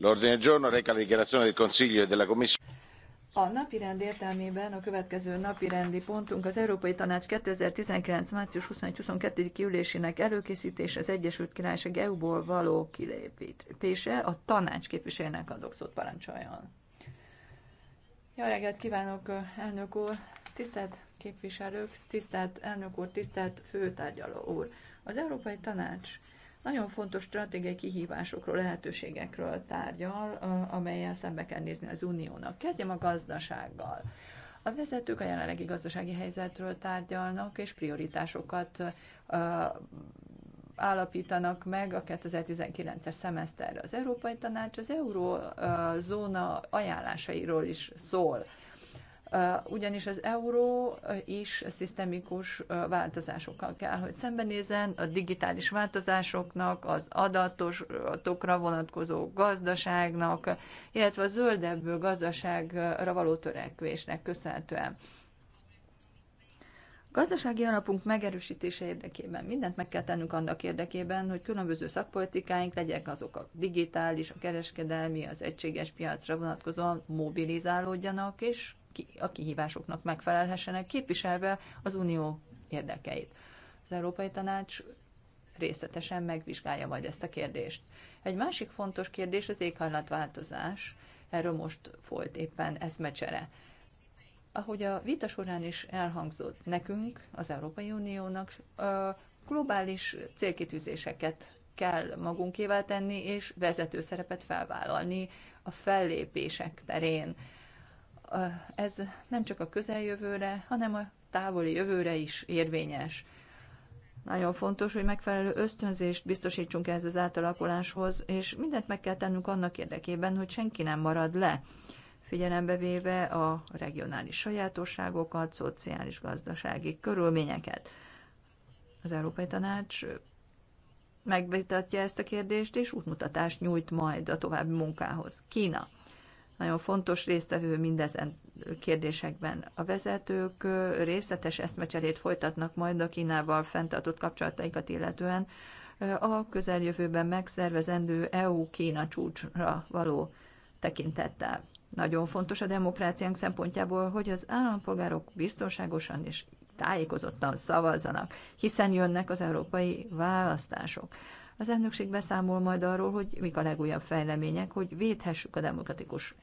l'ordine del giorno reca le dichiarazioni del consiglio e della commissione a napirend értelmében a következő napirendi pontunk az Európai Tanács 2019. március 21-22. ülésének előkészítése, az Egyesült Királyság EU-ból való kilépése, a tanács képviselőnek adok szót parancsoljon. Jó reggelt kívánok, elnök úr! Tisztelt képviselők, tisztelt elnök úr, tisztelt főtárgyaló úr! Az Európai Tanács nagyon fontos stratégiai kihívásokról, lehetőségekről tárgyal, amelyel szembe kell nézni az uniónak. Kezdjem a gazdasággal. A vezetők a jelenlegi gazdasági helyzetről tárgyalnak, és prioritásokat állapítanak meg a 2019-es szemeszterre. Az Európai Tanács az eurózóna ajánlásairól is szól ugyanis az euró is szisztemikus változásokkal kell, hogy szembenézzen a digitális változásoknak, az adatokra vonatkozó gazdaságnak, illetve a zöldebb gazdaságra való törekvésnek köszönhetően. Gazdasági alapunk megerősítése érdekében mindent meg kell tennünk annak érdekében, hogy különböző szakpolitikáink legyenek azok a digitális, a kereskedelmi, az egységes piacra vonatkozóan mobilizálódjanak, és a kihívásoknak megfelelhessenek, képviselve az unió érdekeit. Az Európai Tanács részletesen megvizsgálja majd ezt a kérdést. Egy másik fontos kérdés az éghajlatváltozás. Erről most folyt éppen eszmecsere. Ahogy a vita során is elhangzott, nekünk, az Európai Uniónak globális célkitűzéseket kell magunkével tenni, és vezető szerepet felvállalni a fellépések terén ez nem csak a közeljövőre, hanem a távoli jövőre is érvényes. Nagyon fontos, hogy megfelelő ösztönzést biztosítsunk ehhez az átalakuláshoz, és mindent meg kell tennünk annak érdekében, hogy senki nem marad le, figyelembe véve a regionális sajátosságokat, szociális-gazdasági körülményeket. Az Európai Tanács megvitatja ezt a kérdést, és útmutatást nyújt majd a további munkához. Kína nagyon fontos résztvevő mindezen kérdésekben. A vezetők részletes eszmecserét folytatnak majd a Kínával fenntartott kapcsolataikat illetően a közeljövőben megszervezendő EU-Kína csúcsra való tekintettel. Nagyon fontos a demokráciánk szempontjából, hogy az állampolgárok biztonságosan és tájékozottan szavazzanak, hiszen jönnek az európai választások. Az elnökség beszámol majd arról, hogy mik a legújabb fejlemények, hogy védhessük a demokratikus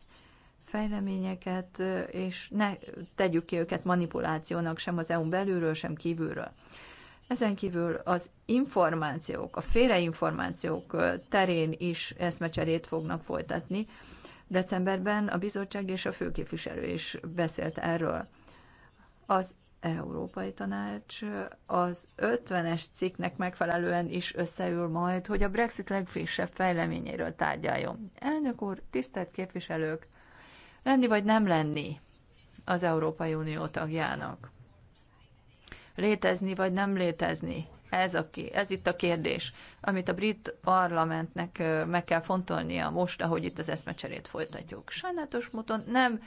fejleményeket, és ne tegyük ki őket manipulációnak sem az EU-n belülről, sem kívülről. Ezen kívül az információk, a félreinformációk terén is eszmecserét fognak folytatni. Decemberben a bizottság és a főképviselő is beszélt erről. Az Európai Tanács az 50-es cikknek megfelelően is összeül majd, hogy a Brexit legfrissebb fejleményéről tárgyaljon. Elnök úr, tisztelt képviselők! lenni vagy nem lenni az Európai Unió tagjának. Létezni vagy nem létezni. Ez, a, ez itt a kérdés, amit a brit parlamentnek meg kell fontolnia most, ahogy itt az eszmecserét folytatjuk. Sajnálatos módon nem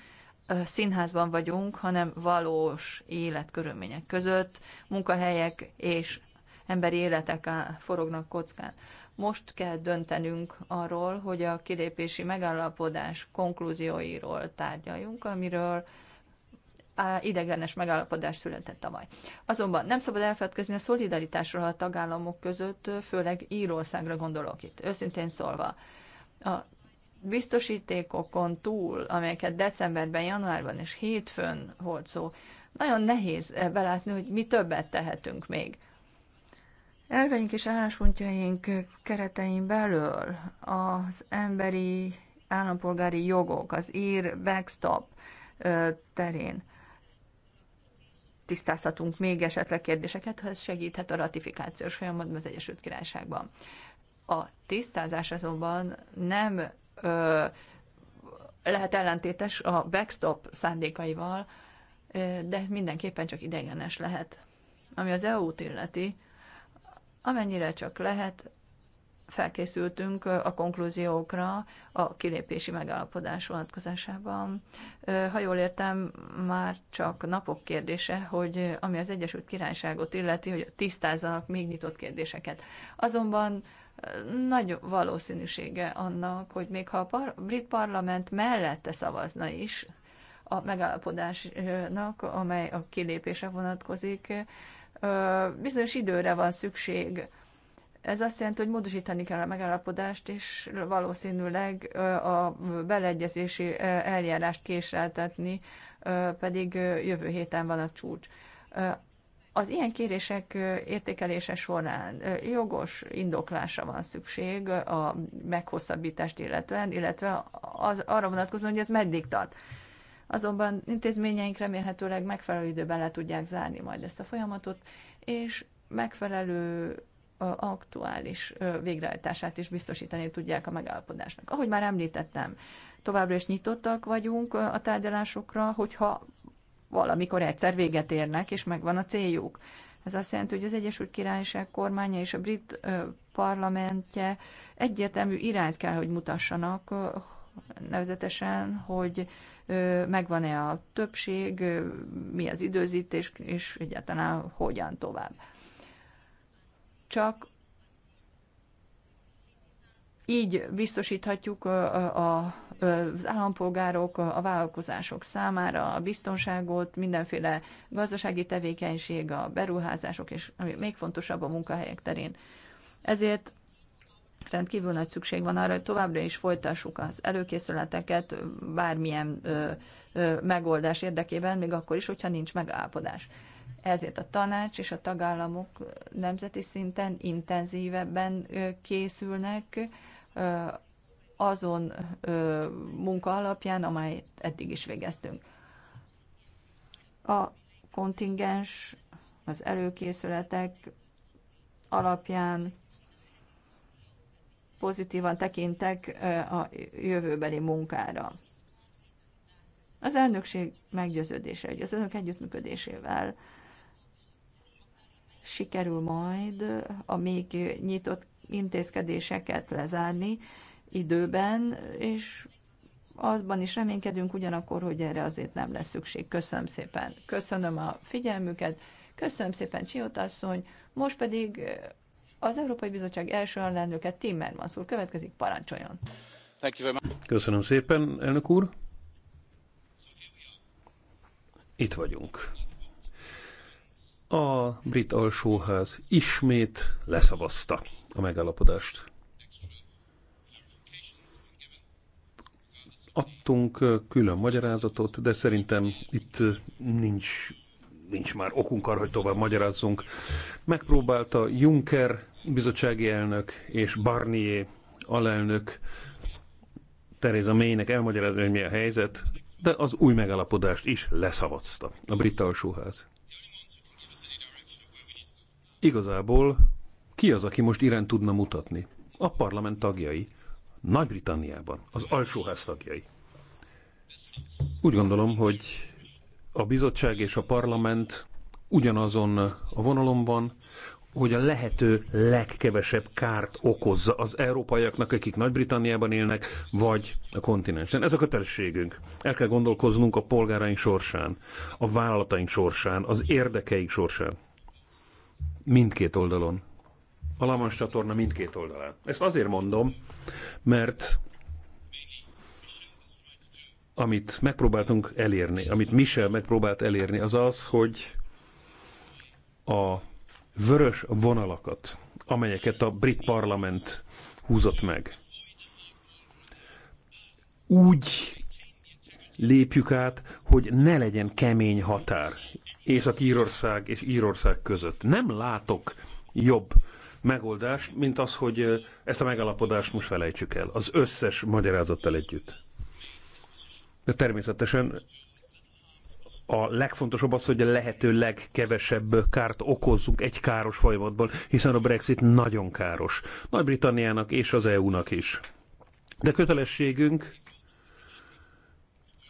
színházban vagyunk, hanem valós életkörülmények között, munkahelyek és emberi életek forognak kockán. Most kell döntenünk arról, hogy a kilépési megállapodás konklúzióiról tárgyaljunk, amiről ideglenes megállapodás született tavaly. Azonban nem szabad elfedkezni a szolidaritásról a tagállamok között, főleg Írországra gondolok itt. Őszintén szólva, a biztosítékokon túl, amelyeket decemberben, januárban és hétfőn volt szó, nagyon nehéz belátni, hogy mi többet tehetünk még. Elveink és álláspontjaink keretein belül az emberi állampolgári jogok, az ír backstop terén tisztázhatunk még esetleg kérdéseket, ha ez segíthet a ratifikációs folyamatban az Egyesült Királyságban. A tisztázás azonban nem ö, lehet ellentétes a backstop szándékaival, de mindenképpen csak ideiglenes lehet. Ami az EU-t illeti, Amennyire csak lehet, felkészültünk a konklúziókra a kilépési megállapodás vonatkozásában. Ha jól értem, már csak napok kérdése, hogy ami az Egyesült Királyságot illeti, hogy tisztázzanak még nyitott kérdéseket. Azonban nagy valószínűsége annak, hogy még ha a par- brit parlament mellette szavazna is a megállapodásnak, amely a kilépése vonatkozik, bizonyos időre van szükség. Ez azt jelenti, hogy módosítani kell a megállapodást, és valószínűleg a beleegyezési eljárást késeltetni, pedig jövő héten van a csúcs. Az ilyen kérések értékelése során jogos indoklásra van szükség a meghosszabbítást illetően, illetve az, arra vonatkozóan, hogy ez meddig tart azonban intézményeink remélhetőleg megfelelő időben le tudják zárni majd ezt a folyamatot, és megfelelő aktuális végrehajtását is biztosítani tudják a megállapodásnak. Ahogy már említettem, továbbra is nyitottak vagyunk a tárgyalásokra, hogyha valamikor egyszer véget érnek, és megvan a céljuk. Ez azt jelenti, hogy az Egyesült Királyság kormánya és a brit parlamentje egyértelmű irányt kell, hogy mutassanak, nevezetesen, hogy megvan-e a többség, mi az időzítés, és egyáltalán hogyan tovább. Csak így biztosíthatjuk az állampolgárok, a vállalkozások számára a biztonságot, mindenféle gazdasági tevékenység, a beruházások, és ami még fontosabb a munkahelyek terén. Ezért rendkívül nagy szükség van arra, hogy továbbra is folytassuk az előkészületeket bármilyen ö, ö, megoldás érdekében, még akkor is, hogyha nincs megállapodás. Ezért a tanács és a tagállamok nemzeti szinten intenzívebben készülnek azon munka alapján, amelyet eddig is végeztünk. A kontingens, az előkészületek alapján pozitívan tekintek a jövőbeli munkára. Az elnökség meggyőződése, hogy az önök együttműködésével sikerül majd a még nyitott intézkedéseket lezárni időben, és azban is reménykedünk ugyanakkor, hogy erre azért nem lesz szükség. Köszönöm szépen. Köszönöm a figyelmüket, köszönöm szépen Csiót asszony, most pedig az Európai Bizottság első alelnöke Timmermans úr következik, parancsoljon. Köszönöm szépen, elnök úr. Itt vagyunk. A brit alsóház ismét leszavazta a megállapodást. Adtunk külön magyarázatot, de szerintem itt nincs nincs már okunk arra, hogy tovább magyarázzunk. Megpróbálta Juncker bizottsági elnök és Barnier alelnök Theresa Maynek elmagyarázni, hogy mi a helyzet, de az új megállapodást is leszavazta a brit alsóház. Igazából ki az, aki most irány tudna mutatni? A parlament tagjai, Nagy-Britanniában, az alsóház tagjai. Úgy gondolom, hogy a bizottság és a parlament ugyanazon a vonalon van, hogy a lehető legkevesebb kárt okozza az európaiaknak, akik Nagy-Britanniában élnek, vagy a kontinensen. Ez a kötelességünk. El kell gondolkoznunk a polgáraink sorsán, a vállalataink sorsán, az érdekeink sorsán. Mindkét oldalon. A Lamas csatorna mindkét oldalán. Ezt azért mondom, mert amit megpróbáltunk elérni, amit Michel megpróbált elérni, az az, hogy a vörös vonalakat, amelyeket a brit parlament húzott meg, úgy lépjük át, hogy ne legyen kemény határ Észak-Írország és Írország között. Nem látok jobb megoldást, mint az, hogy eh, ezt a megállapodást most felejtsük el, az összes magyarázattal együtt. De természetesen a legfontosabb az, hogy a lehető legkevesebb kárt okozzunk egy káros folyamatból, hiszen a Brexit nagyon káros. Nagy-Britanniának és az EU-nak is. De kötelességünk,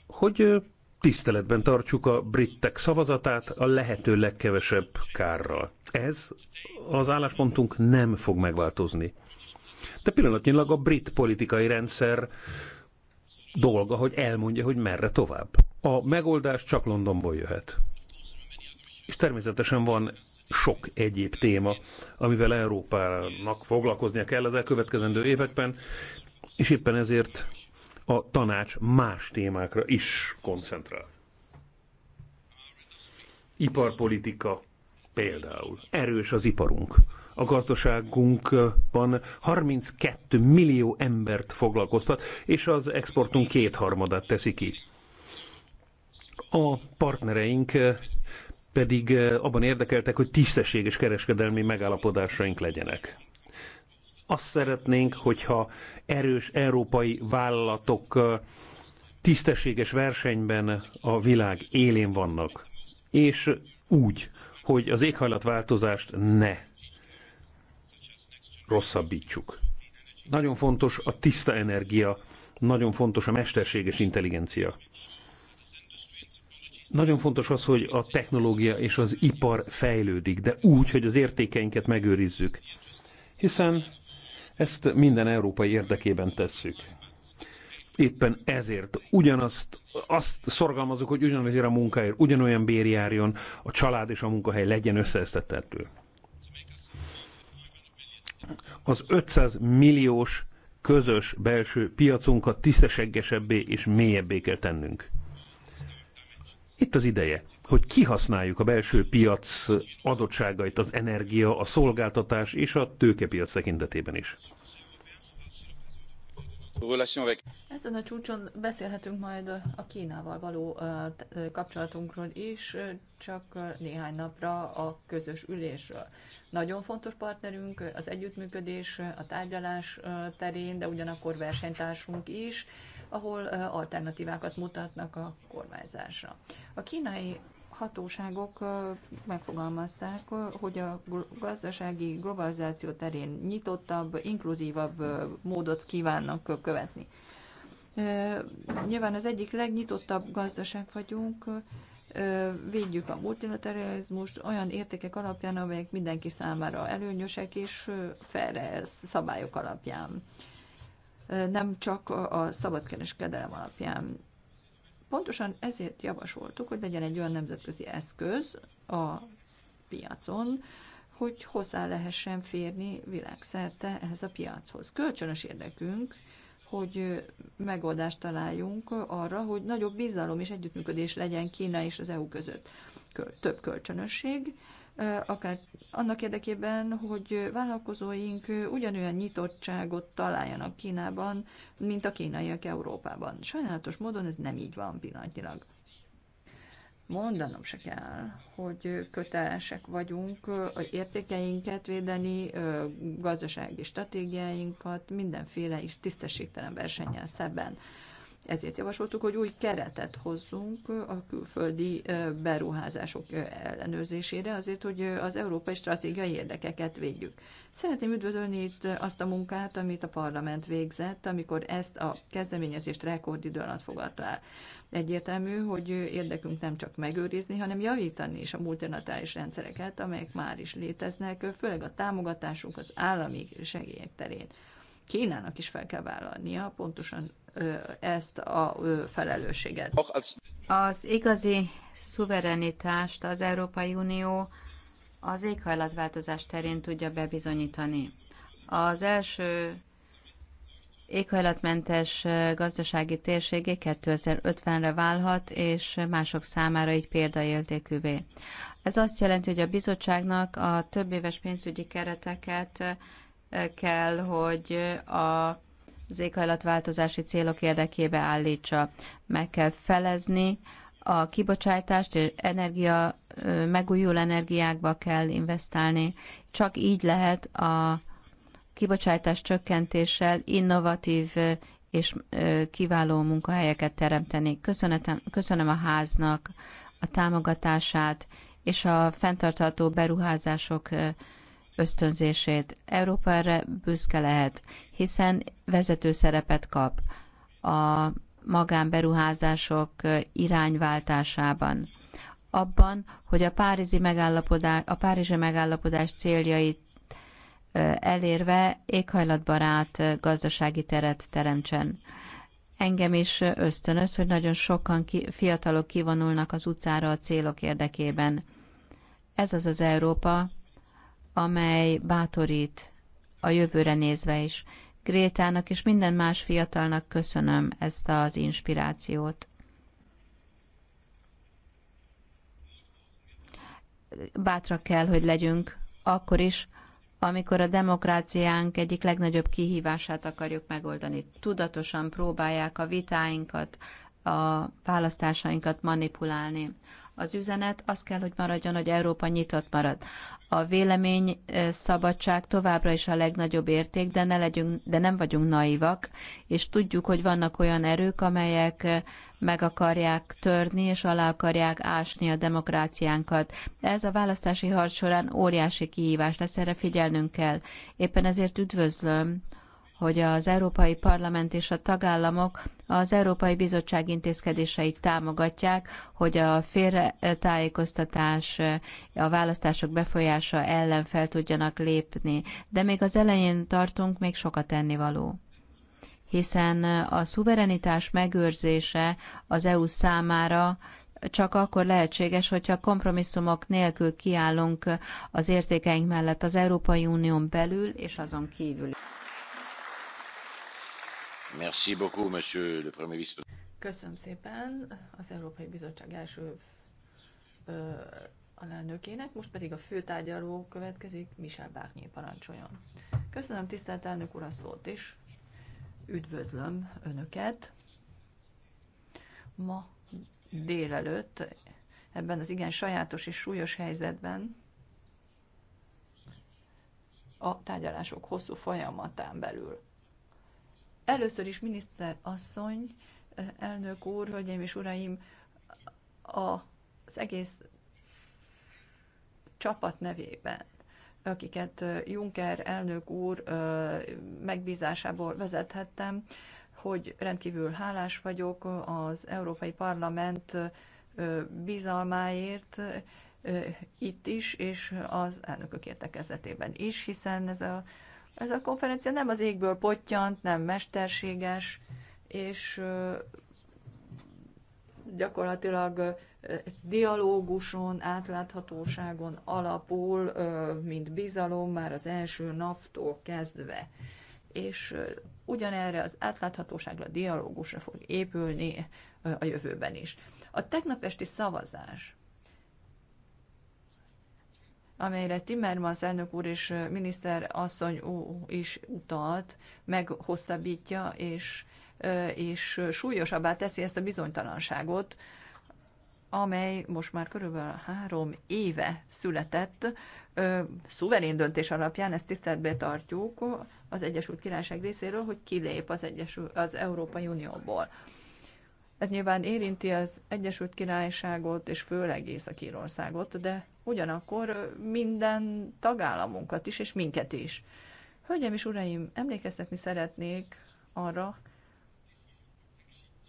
hogy tiszteletben tartjuk a brittek szavazatát a lehető legkevesebb kárral. Ez az álláspontunk nem fog megváltozni. De pillanatnyilag a brit politikai rendszer dolga, hogy elmondja, hogy merre tovább. A megoldás csak Londonból jöhet. És természetesen van sok egyéb téma, amivel Európának foglalkoznia kell az elkövetkezendő években, és éppen ezért a tanács más témákra is koncentrál. Iparpolitika például. Erős az iparunk a gazdaságunkban 32 millió embert foglalkoztat, és az exportunk kétharmadát teszi ki. A partnereink pedig abban érdekeltek, hogy tisztességes kereskedelmi megállapodásaink legyenek. Azt szeretnénk, hogyha erős európai vállalatok tisztességes versenyben a világ élén vannak, és úgy, hogy az éghajlatváltozást ne rosszabbítsuk. Nagyon fontos a tiszta energia, nagyon fontos a mesterséges intelligencia. Nagyon fontos az, hogy a technológia és az ipar fejlődik, de úgy, hogy az értékeinket megőrizzük. Hiszen ezt minden európai érdekében tesszük. Éppen ezért ugyanazt, azt szorgalmazok, hogy ugyanazért a munkáért ugyanolyan bér járjon, a család és a munkahely legyen összeeztethető az 500 milliós közös belső piacunkat tisztességesebbé és mélyebbé kell tennünk. Itt az ideje, hogy kihasználjuk a belső piac adottságait az energia, a szolgáltatás és a tőkepiac tekintetében is. Ezen a csúcson beszélhetünk majd a Kínával való kapcsolatunkról is, csak néhány napra a közös ülésről. Nagyon fontos partnerünk az együttműködés, a tárgyalás terén, de ugyanakkor versenytársunk is, ahol alternatívákat mutatnak a kormányzásra. A kínai hatóságok megfogalmazták, hogy a gazdasági globalizáció terén nyitottabb, inkluzívabb módot kívánnak követni. Nyilván az egyik legnyitottabb gazdaság vagyunk, védjük a multilateralizmust olyan értékek alapján, amelyek mindenki számára előnyösek és felre szabályok alapján, nem csak a szabadkereskedelem alapján. Pontosan ezért javasoltuk, hogy legyen egy olyan nemzetközi eszköz a piacon, hogy hozzá lehessen férni világszerte ehhez a piachoz. Kölcsönös érdekünk, hogy megoldást találjunk arra, hogy nagyobb bizalom és együttműködés legyen Kína és az EU között. Több kölcsönösség, akár annak érdekében, hogy vállalkozóink ugyanolyan nyitottságot találjanak Kínában, mint a kínaiak Európában. Sajnálatos módon ez nem így van pillanatnyilag mondanom se kell, hogy kötelesek vagyunk a értékeinket védeni, gazdasági stratégiáinkat, mindenféle is tisztességtelen versennyel szemben. Ezért javasoltuk, hogy új keretet hozzunk a külföldi beruházások ellenőrzésére, azért, hogy az európai stratégiai érdekeket védjük. Szeretném üdvözölni itt azt a munkát, amit a parlament végzett, amikor ezt a kezdeményezést rekordidő alatt fogadta el. Egyértelmű, hogy érdekünk nem csak megőrizni, hanem javítani is a multinatális rendszereket, amelyek már is léteznek, főleg a támogatásunk az állami segélyek terén. Kínának is fel kell vállalnia pontosan ezt a felelősséget. Az igazi szuverenitást az Európai Unió az éghajlatváltozás terén tudja bebizonyítani. Az első éghajlatmentes gazdasági térségé 2050-re válhat, és mások számára így példaértékűvé. Ez azt jelenti, hogy a bizottságnak a több éves pénzügyi kereteket kell, hogy a az éghajlatváltozási célok érdekébe állítsa. Meg kell felezni a kibocsátást, és energia, megújuló energiákba kell investálni. Csak így lehet a kibocsátás csökkentéssel innovatív és kiváló munkahelyeket teremteni. Köszönetem, köszönöm a háznak a támogatását és a fenntartható beruházások ösztönzését. Európa erre büszke lehet, hiszen vezető szerepet kap a magánberuházások irányváltásában. Abban, hogy a párizsi megállapodás, a párizsi megállapodás céljait elérve éghajlatbarát gazdasági teret teremtsen. Engem is ösztönöz, hogy nagyon sokan ki, fiatalok kivonulnak az utcára a célok érdekében. Ez az az Európa, amely bátorít a jövőre nézve is. Grétának és minden más fiatalnak köszönöm ezt az inspirációt. Bátra kell, hogy legyünk, akkor is, amikor a demokráciánk egyik legnagyobb kihívását akarjuk megoldani. Tudatosan próbálják a vitáinkat, a választásainkat manipulálni. Az üzenet az kell, hogy maradjon, hogy Európa nyitott marad. A vélemény eh, szabadság továbbra is a legnagyobb érték, de, ne legyünk, de nem vagyunk naivak, és tudjuk, hogy vannak olyan erők, amelyek eh, meg akarják törni és alá akarják ásni a demokráciánkat. Ez a választási harc során óriási kihívás lesz, erre figyelnünk kell. Éppen ezért üdvözlöm, hogy az Európai Parlament és a tagállamok az Európai Bizottság intézkedéseit támogatják, hogy a félretájékoztatás, a választások befolyása ellen fel tudjanak lépni. De még az elején tartunk, még sokat tennivaló hiszen a szuverenitás megőrzése az EU számára csak akkor lehetséges, hogyha kompromisszumok nélkül kiállunk az értékeink mellett az Európai Unión belül és azon kívül. Köszönöm szépen az Európai Bizottság első ö, alelnökének, most pedig a főtárgyaló következik, Michel Barnier parancsoljon. Köszönöm tisztelt elnök úr a szót is, üdvözlöm Önöket. Ma délelőtt ebben az igen sajátos és súlyos helyzetben a tárgyalások hosszú folyamatán belül Először is miniszter asszony, eh, elnök úr, hölgyeim és uraim, az egész csapat nevében, akiket eh, Juncker elnök úr eh, megbízásából vezethettem, hogy rendkívül hálás vagyok az Európai Parlament bizalmáért itt is, és az elnökök értekezetében is, hiszen ez a ez a konferencia nem az égből pottyant, nem mesterséges, és gyakorlatilag dialóguson, átláthatóságon alapul, mint bizalom már az első naptól kezdve. És ugyanerre az átláthatóságra, dialógusra fog épülni a jövőben is. A tegnap esti szavazás amelyre Timmermans elnök úr és miniszter asszony is utalt, meghosszabbítja és, és súlyosabbá teszi ezt a bizonytalanságot, amely most már körülbelül három éve született, szuverén döntés alapján, ezt tiszteletbe tartjuk az Egyesült Királyság részéről, hogy kilép az, Egyesült, az Európai Unióból. Ez nyilván érinti az Egyesült Királyságot, és főleg Észak-Írországot, de ugyanakkor minden tagállamunkat is, és minket is. Hölgyeim és uraim, emlékeztetni szeretnék arra,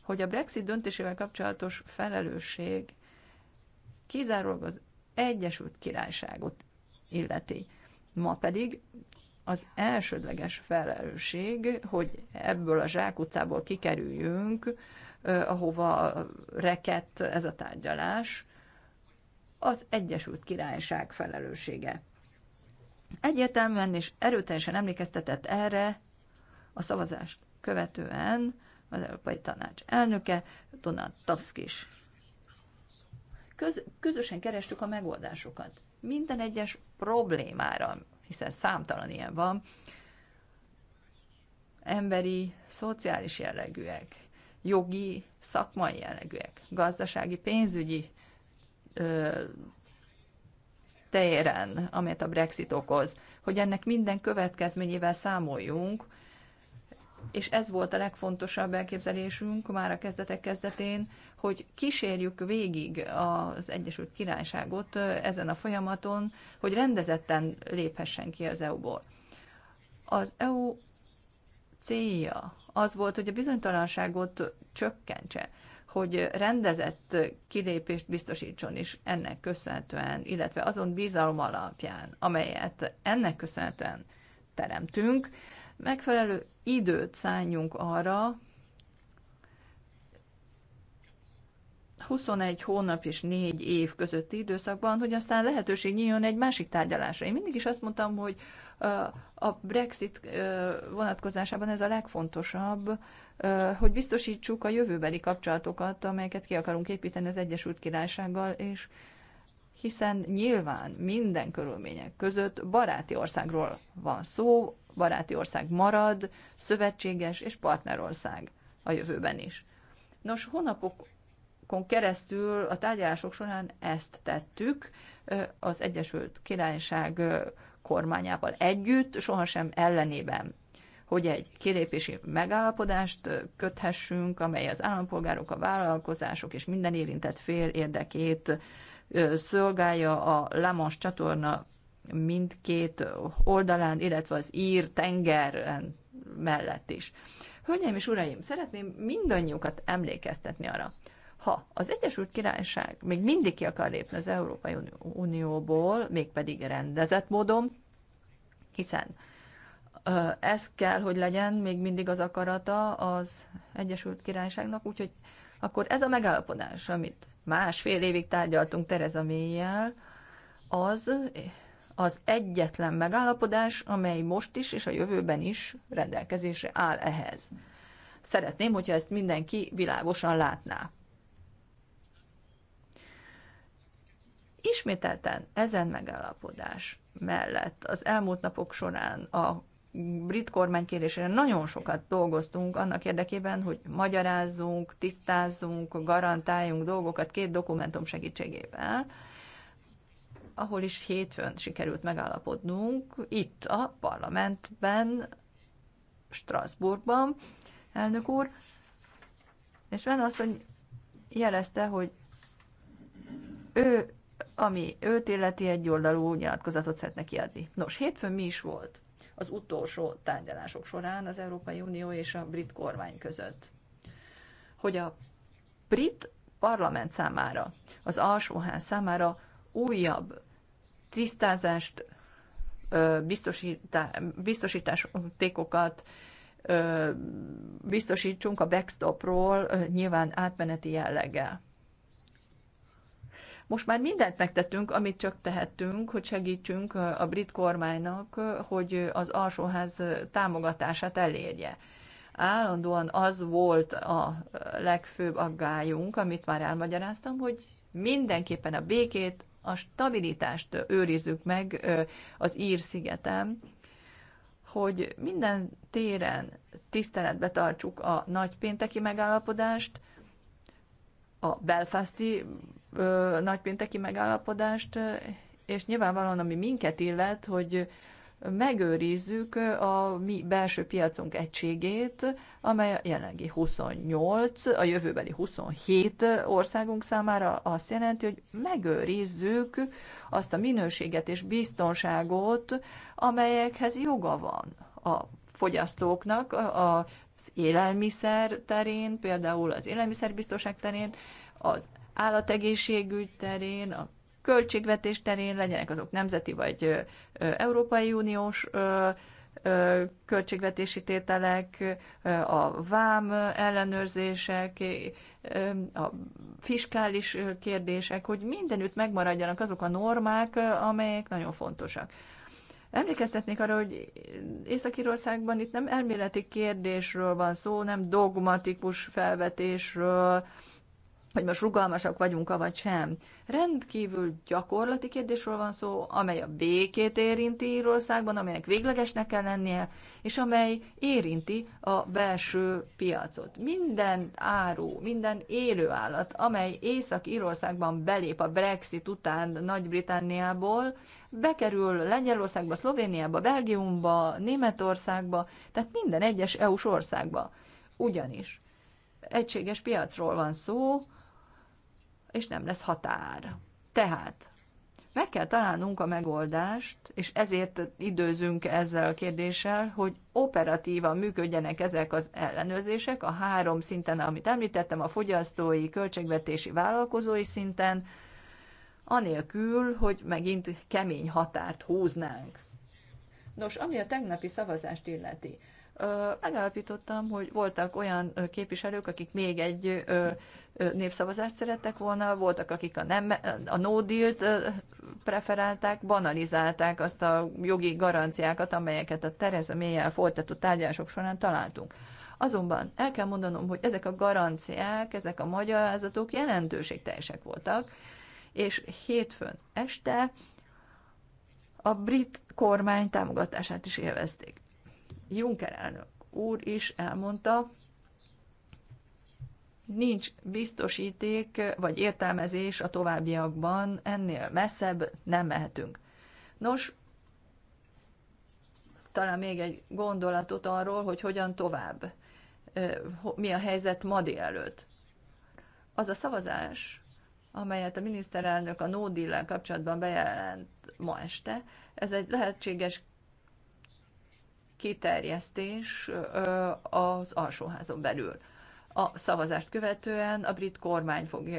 hogy a Brexit döntésével kapcsolatos felelősség kizárólag az Egyesült Királyságot illeti. Ma pedig az elsődleges felelősség, hogy ebből a zsákutcából kikerüljünk, ahova rekett ez a tárgyalás, az Egyesült Királyság felelőssége. Egyértelműen és erőteljesen emlékeztetett erre a szavazást követően az Európai Tanács elnöke, Donald Tusk is. Köz, közösen kerestük a megoldásokat. Minden egyes problémára, hiszen számtalan ilyen van, emberi, szociális jellegűek, jogi, szakmai jellegűek, gazdasági, pénzügyi téren, amelyet a Brexit okoz, hogy ennek minden következményével számoljunk, és ez volt a legfontosabb elképzelésünk már a kezdetek kezdetén, hogy kísérjük végig az Egyesült Királyságot ezen a folyamaton, hogy rendezetten léphessen ki az EU-ból. Az EU célja az volt, hogy a bizonytalanságot csökkentse hogy rendezett kilépést biztosítson is ennek köszönhetően, illetve azon bizalom alapján, amelyet ennek köszönhetően teremtünk, megfelelő időt szálljunk arra, 21 hónap és 4 év közötti időszakban, hogy aztán lehetőség nyíljon egy másik tárgyalásra. Én mindig is azt mondtam, hogy a Brexit vonatkozásában ez a legfontosabb, hogy biztosítsuk a jövőbeli kapcsolatokat, amelyeket ki akarunk építeni az Egyesült Királysággal, és hiszen nyilván minden körülmények között baráti országról van szó, baráti ország marad, szövetséges és partnerország a jövőben is. Nos, hónapokon keresztül a tárgyalások során ezt tettük az Egyesült Királyság kormányával együtt, sohasem ellenében hogy egy kilépési megállapodást köthessünk, amely az állampolgárok, a vállalkozások és minden érintett fél érdekét szolgálja a Lamas csatorna mindkét oldalán, illetve az ír tengeren mellett is. Hölgyeim és uraim, szeretném mindannyiukat emlékeztetni arra, ha az Egyesült Királyság még mindig ki akar lépni az Európai Unióból, mégpedig rendezett módon, hiszen ez kell, hogy legyen még mindig az akarata az Egyesült Királyságnak, úgyhogy akkor ez a megállapodás, amit másfél évig tárgyaltunk Tereza mélyel, az az egyetlen megállapodás, amely most is és a jövőben is rendelkezésre áll ehhez. Szeretném, hogyha ezt mindenki világosan látná. Ismételten ezen megállapodás mellett az elmúlt napok során a brit kormány nagyon sokat dolgoztunk annak érdekében, hogy magyarázzunk, tisztázzunk, garantáljunk dolgokat két dokumentum segítségével, ahol is hétfőn sikerült megállapodnunk, itt a parlamentben, Strasbourgban, elnök úr, és az, asszony jelezte, hogy ő, ami őt illeti, egy oldalú nyilatkozatot szeretne kiadni. Nos, hétfőn mi is volt? az utolsó tárgyalások során az Európai Unió és a brit kormány között. Hogy a brit parlament számára, az alsóház számára újabb tisztázást, biztosítástékokat biztosítsunk a backstopról nyilván átmeneti jelleggel. Most már mindent megtettünk, amit csak tehettünk, hogy segítsünk a brit kormánynak, hogy az alsóház támogatását elérje. Állandóan az volt a legfőbb aggályunk, amit már elmagyaráztam, hogy mindenképpen a békét, a stabilitást őrizzük meg az Ír-szigetem, hogy minden téren tiszteletbe tartsuk a nagypénteki megállapodást, a belfasti ö, nagypénteki megállapodást, és nyilvánvalóan, ami minket illet, hogy megőrizzük a mi belső piacunk egységét, amely a jelenlegi 28, a jövőbeli 27 országunk számára azt jelenti, hogy megőrizzük azt a minőséget és biztonságot, amelyekhez joga van a fogyasztóknak a az élelmiszer terén, például az élelmiszerbiztonság terén, az állategészségügy terén, a költségvetés terén, legyenek azok nemzeti vagy Európai Uniós költségvetési tételek, a vám ellenőrzések, a fiskális kérdések, hogy mindenütt megmaradjanak azok a normák, amelyek nagyon fontosak. Emlékeztetnék arra, hogy Észak-Írországban itt nem elméleti kérdésről van szó, nem dogmatikus felvetésről, hogy most rugalmasak vagyunk vagy sem. Rendkívül gyakorlati kérdésről van szó, amely a békét érinti Írországban, amelynek véglegesnek kell lennie, és amely érinti a belső piacot. Minden áru, minden élő állat, amely Észak-Írországban belép a Brexit után Nagy-Britanniából, bekerül Lengyelországba, Szlovéniába, Belgiumba, Németországba, tehát minden egyes EU-s országba. Ugyanis egységes piacról van szó, és nem lesz határ. Tehát meg kell találnunk a megoldást, és ezért időzünk ezzel a kérdéssel, hogy operatívan működjenek ezek az ellenőrzések a három szinten, amit említettem, a fogyasztói, költségvetési, vállalkozói szinten, anélkül, hogy megint kemény határt húznánk. Nos, ami a tegnapi szavazást illeti, megállapítottam, hogy voltak olyan képviselők, akik még egy népszavazást szerettek volna, voltak, akik a, nem, a no deal-t preferálták, banalizálták azt a jogi garanciákat, amelyeket a Tereza mélyen folytatott tárgyalások során találtunk. Azonban el kell mondanom, hogy ezek a garanciák, ezek a magyarázatok jelentőségteljesek voltak, és hétfőn este a brit kormány támogatását is élvezték. Juncker elnök úr is elmondta, nincs biztosíték vagy értelmezés a továbbiakban, ennél messzebb nem mehetünk. Nos, talán még egy gondolatot arról, hogy hogyan tovább, eh, mi a helyzet ma délelőtt. Az a szavazás, amelyet a miniszterelnök a no deal kapcsolatban bejelent ma este. Ez egy lehetséges kiterjesztés az alsóházon belül. A szavazást követően a brit kormány fog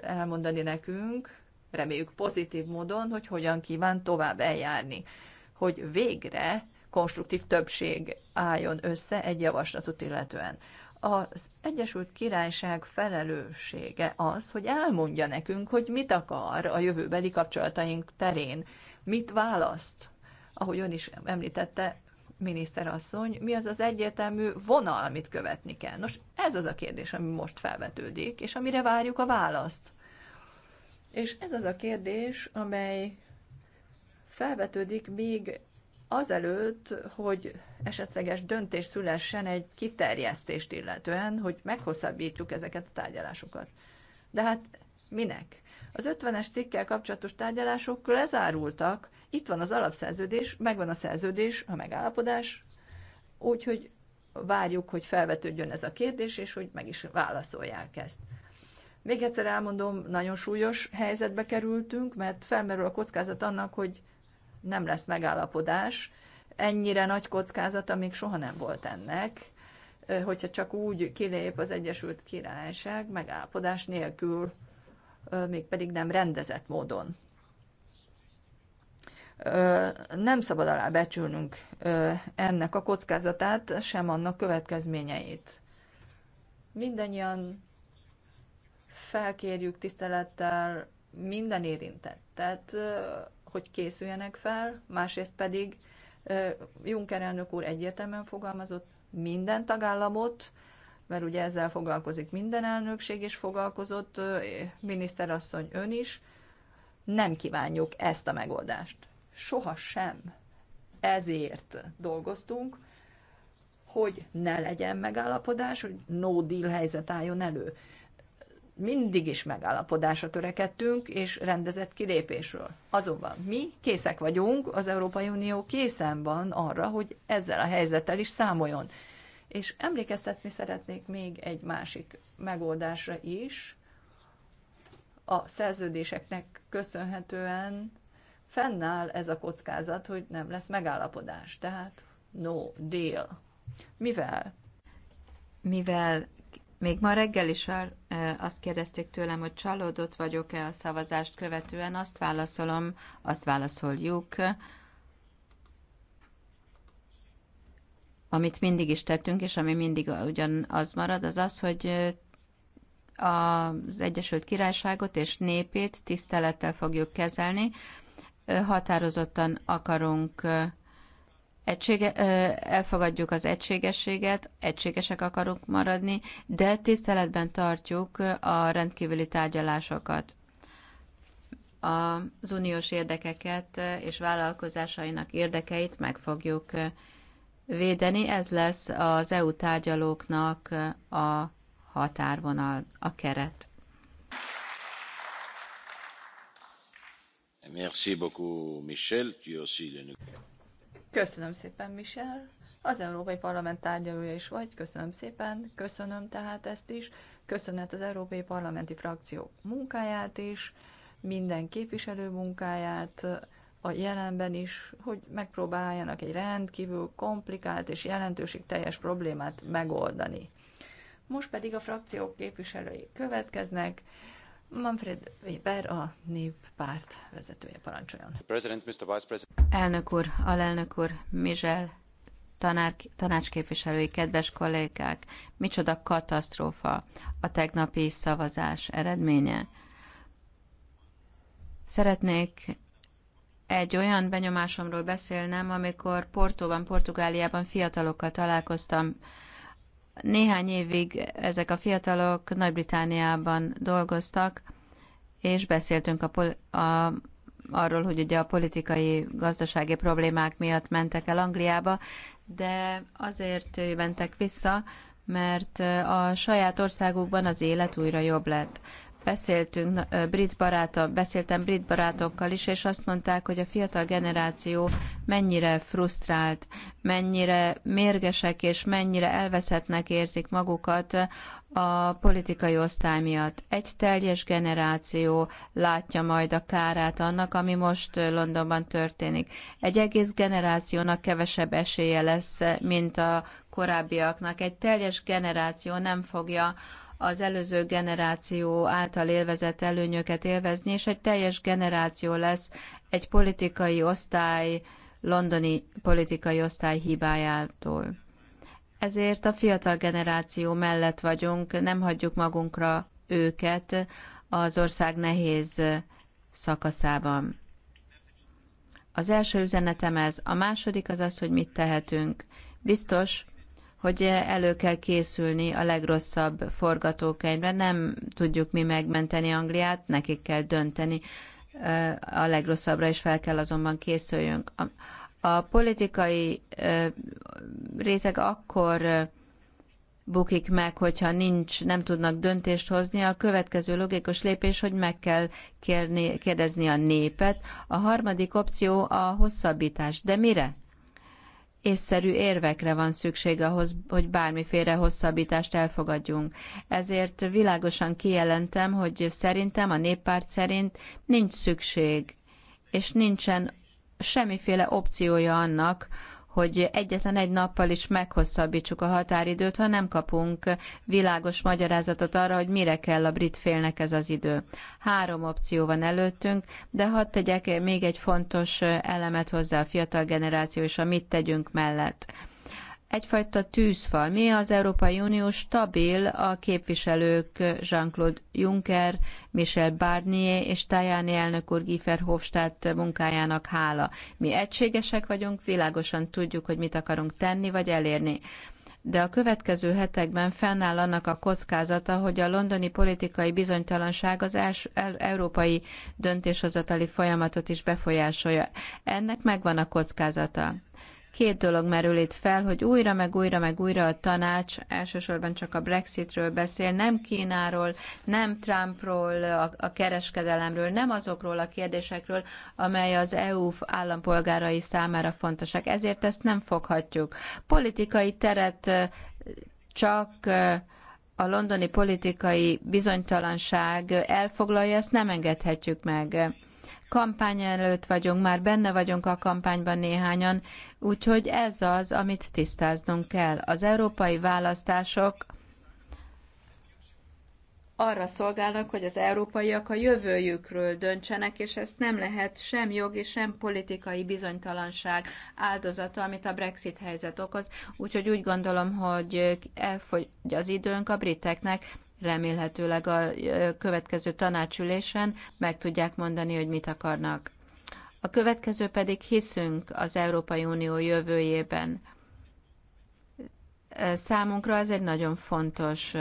elmondani nekünk, reméljük pozitív módon, hogy hogyan kíván tovább eljárni, hogy végre konstruktív többség álljon össze egy javaslatot illetően az Egyesült Királyság felelőssége az, hogy elmondja nekünk, hogy mit akar a jövőbeli kapcsolataink terén, mit választ. Ahogy ön is említette, miniszterasszony, mi az az egyértelmű vonal, amit követni kell? Nos, ez az a kérdés, ami most felvetődik, és amire várjuk a választ. És ez az a kérdés, amely felvetődik még azelőtt, hogy esetleges döntés szülessen egy kiterjesztést illetően, hogy meghosszabbítjuk ezeket a tárgyalásokat. De hát minek? Az 50-es cikkel kapcsolatos tárgyalások lezárultak, itt van az alapszerződés, megvan a szerződés, a megállapodás, úgyhogy várjuk, hogy felvetődjön ez a kérdés, és hogy meg is válaszolják ezt. Még egyszer elmondom, nagyon súlyos helyzetbe kerültünk, mert felmerül a kockázat annak, hogy nem lesz megállapodás. Ennyire nagy kockázata még soha nem volt ennek, hogyha csak úgy kilép az Egyesült Királyság megállapodás nélkül, mégpedig nem rendezett módon. Nem szabad becsülnünk ennek a kockázatát, sem annak következményeit. Mindannyian felkérjük tisztelettel minden érintettet, hogy készüljenek fel, másrészt pedig Juncker elnök úr egyértelműen fogalmazott minden tagállamot, mert ugye ezzel foglalkozik minden elnökség, és foglalkozott miniszterasszony ön is, nem kívánjuk ezt a megoldást. Soha sem. Ezért dolgoztunk, hogy ne legyen megállapodás, hogy no deal helyzet álljon elő mindig is megállapodásra törekedtünk, és rendezett kilépésről. Azonban mi készek vagyunk, az Európai Unió készen van arra, hogy ezzel a helyzettel is számoljon. És emlékeztetni szeretnék még egy másik megoldásra is. A szerződéseknek köszönhetően fennáll ez a kockázat, hogy nem lesz megállapodás. Tehát no deal. Mivel? Mivel még ma reggel is e, azt kérdezték tőlem, hogy csalódott vagyok-e a szavazást követően. Azt válaszolom, azt válaszoljuk, amit mindig is tettünk, és ami mindig ugyanaz marad, az az, hogy e, az Egyesült Királyságot és népét tisztelettel fogjuk kezelni. Határozottan akarunk egysége, elfogadjuk az egységességet, egységesek akarunk maradni, de tiszteletben tartjuk a rendkívüli tárgyalásokat az uniós érdekeket és vállalkozásainak érdekeit meg fogjuk védeni. Ez lesz az EU tárgyalóknak a határvonal, a keret. Merci beaucoup, Michel. Tu aussi Köszönöm szépen, Michel. Az Európai Parlament tárgyalója is vagy, köszönöm szépen, köszönöm tehát ezt is. Köszönet az Európai Parlamenti Frakció munkáját is, minden képviselő munkáját, a jelenben is, hogy megpróbáljanak egy rendkívül komplikált és teljes problémát megoldani. Most pedig a frakciók képviselői következnek. Manfred Weber, a néppárt vezetője parancsoljon. President, Mr. Vice President. Elnök úr, alelnök úr, Mizsel, tanár, tanácsképviselői, kedves kollégák, micsoda katasztrófa a tegnapi szavazás eredménye. Szeretnék egy olyan benyomásomról beszélnem, amikor Portóban, Portugáliában fiatalokkal találkoztam, néhány évig ezek a fiatalok Nagy-Britániában dolgoztak, és beszéltünk a, a, arról, hogy ugye a politikai, gazdasági problémák miatt mentek el Angliába, de azért mentek vissza, mert a saját országukban az élet újra jobb lett beszéltünk, brit barátok, beszéltem brit barátokkal is, és azt mondták, hogy a fiatal generáció mennyire frusztrált, mennyire mérgesek és mennyire elveszettnek érzik magukat a politikai osztály miatt. Egy teljes generáció látja majd a kárát annak, ami most Londonban történik. Egy egész generációnak kevesebb esélye lesz, mint a korábbiaknak. Egy teljes generáció nem fogja az előző generáció által élvezett előnyöket élvezni, és egy teljes generáció lesz egy politikai osztály, londoni politikai osztály hibájától. Ezért a fiatal generáció mellett vagyunk, nem hagyjuk magunkra őket az ország nehéz szakaszában. Az első üzenetem ez, a második az az, hogy mit tehetünk. Biztos, hogy elő kell készülni a legrosszabb forgatókönyvre. Nem tudjuk mi megmenteni Angliát, nekik kell dönteni. A legrosszabbra és fel kell azonban készüljünk. A politikai részeg akkor bukik meg, hogyha nincs, nem tudnak döntést hozni, a következő logikus lépés, hogy meg kell kérni, kérdezni a népet. A harmadik opció a hosszabbítás. De mire? észszerű érvekre van szükség ahhoz, hogy bármiféle hosszabbítást elfogadjunk. Ezért világosan kijelentem, hogy szerintem a néppárt szerint nincs szükség, és nincsen semmiféle opciója annak, hogy egyetlen egy nappal is meghosszabbítsuk a határidőt, ha nem kapunk világos magyarázatot arra, hogy mire kell a brit félnek ez az idő. Három opció van előttünk, de hadd tegyek még egy fontos elemet hozzá a fiatal generáció és a mit tegyünk mellett egyfajta tűzfal. Mi az Európai Unió stabil a képviselők Jean-Claude Juncker, Michel Barnier és Tajani elnök úr Giefer Hofstadt munkájának hála. Mi egységesek vagyunk, világosan tudjuk, hogy mit akarunk tenni vagy elérni de a következő hetekben fennáll annak a kockázata, hogy a londoni politikai bizonytalanság az els, el, európai döntéshozatali folyamatot is befolyásolja. Ennek megvan a kockázata. Két dolog merül itt fel, hogy újra meg újra meg újra a tanács elsősorban csak a Brexitről beszél, nem Kínáról, nem Trumpról, a, a kereskedelemről, nem azokról a kérdésekről, amely az EU állampolgárai számára fontosak. Ezért ezt nem foghatjuk. Politikai teret csak a londoni politikai bizonytalanság elfoglalja, ezt nem engedhetjük meg kampány előtt vagyunk, már benne vagyunk a kampányban néhányan, úgyhogy ez az, amit tisztáznunk kell. Az európai választások arra szolgálnak, hogy az európaiak a jövőjükről döntsenek, és ezt nem lehet sem jogi, sem politikai bizonytalanság áldozata, amit a Brexit helyzet okoz. Úgyhogy úgy gondolom, hogy elfogy az időnk a briteknek, remélhetőleg a következő tanácsülésen meg tudják mondani, hogy mit akarnak. A következő pedig hiszünk az Európai Unió jövőjében. Számunkra ez egy nagyon fontos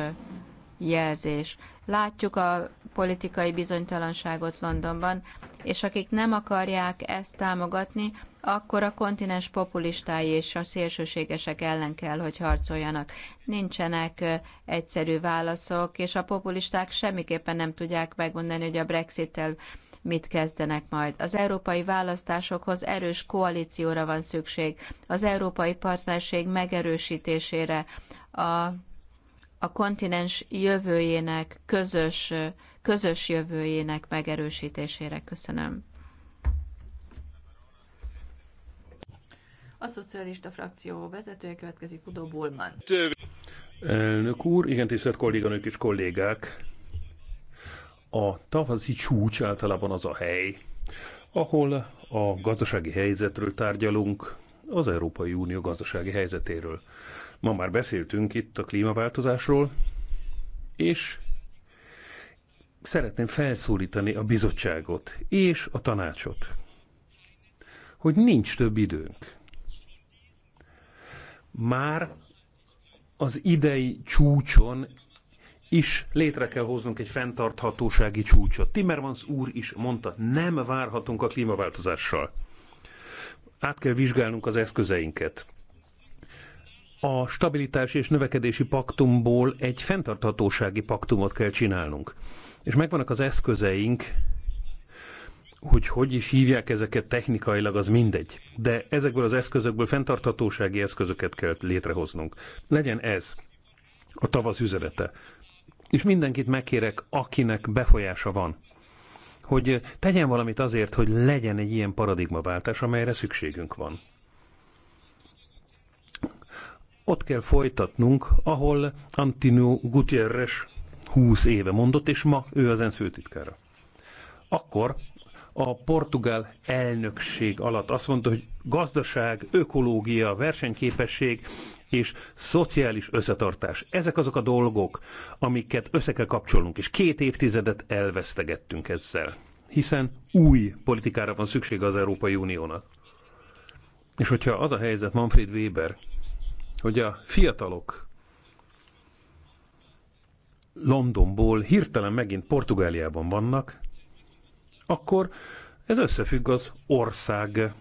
jelzés. Látjuk a politikai bizonytalanságot Londonban, és akik nem akarják ezt támogatni, akkor a kontinens populistái és a szélsőségesek ellen kell, hogy harcoljanak. Nincsenek egyszerű válaszok, és a populisták semmiképpen nem tudják megmondani, hogy a Brexit-tel mit kezdenek majd. Az európai választásokhoz erős koalícióra van szükség, az európai partnerség megerősítésére, a a kontinens jövőjének, közös, közös jövőjének megerősítésére. Köszönöm. A szocialista frakció vezetője következik Udo Bulman. Elnök úr, igen tisztelt kolléganők és kollégák! A tavaszi csúcs általában az a hely, ahol a gazdasági helyzetről tárgyalunk, az Európai Unió gazdasági helyzetéről. Ma már beszéltünk itt a klímaváltozásról, és szeretném felszólítani a bizottságot és a tanácsot, hogy nincs több időnk. Már az idei csúcson is létre kell hoznunk egy fenntarthatósági csúcsot. Timmermans úr is mondta, nem várhatunk a klímaváltozással. Át kell vizsgálnunk az eszközeinket a stabilitási és növekedési paktumból egy fenntarthatósági paktumot kell csinálnunk. És megvannak az eszközeink, hogy hogy is hívják ezeket technikailag, az mindegy. De ezekből az eszközökből fenntarthatósági eszközöket kell létrehoznunk. Legyen ez a tavasz üzenete. És mindenkit megkérek, akinek befolyása van, hogy tegyen valamit azért, hogy legyen egy ilyen paradigmaváltás, amelyre szükségünk van ott kell folytatnunk, ahol Antonio Gutierrez 20 éve mondott, és ma ő az ENSZ főtitkára. Akkor a portugál elnökség alatt azt mondta, hogy gazdaság, ökológia, versenyképesség és szociális összetartás. Ezek azok a dolgok, amiket össze kell kapcsolnunk, és két évtizedet elvesztegettünk ezzel. Hiszen új politikára van szüksége az Európai Uniónak. És hogyha az a helyzet Manfred Weber, hogy a fiatalok Londonból hirtelen megint Portugáliában vannak, akkor ez összefügg az ország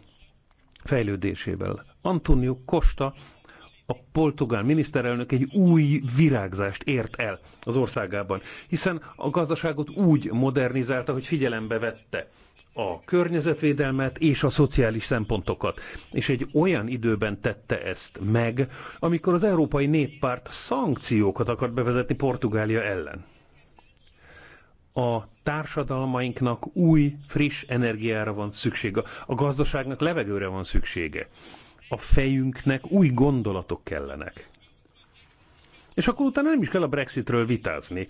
fejlődésével. Antonio Costa, a portugál miniszterelnök egy új virágzást ért el az országában, hiszen a gazdaságot úgy modernizálta, hogy figyelembe vette a környezetvédelmet és a szociális szempontokat. És egy olyan időben tette ezt meg, amikor az Európai Néppárt szankciókat akart bevezetni Portugália ellen. A társadalmainknak új, friss energiára van szüksége, a gazdaságnak levegőre van szüksége, a fejünknek új gondolatok kellenek. És akkor utána nem is kell a Brexitről vitázni,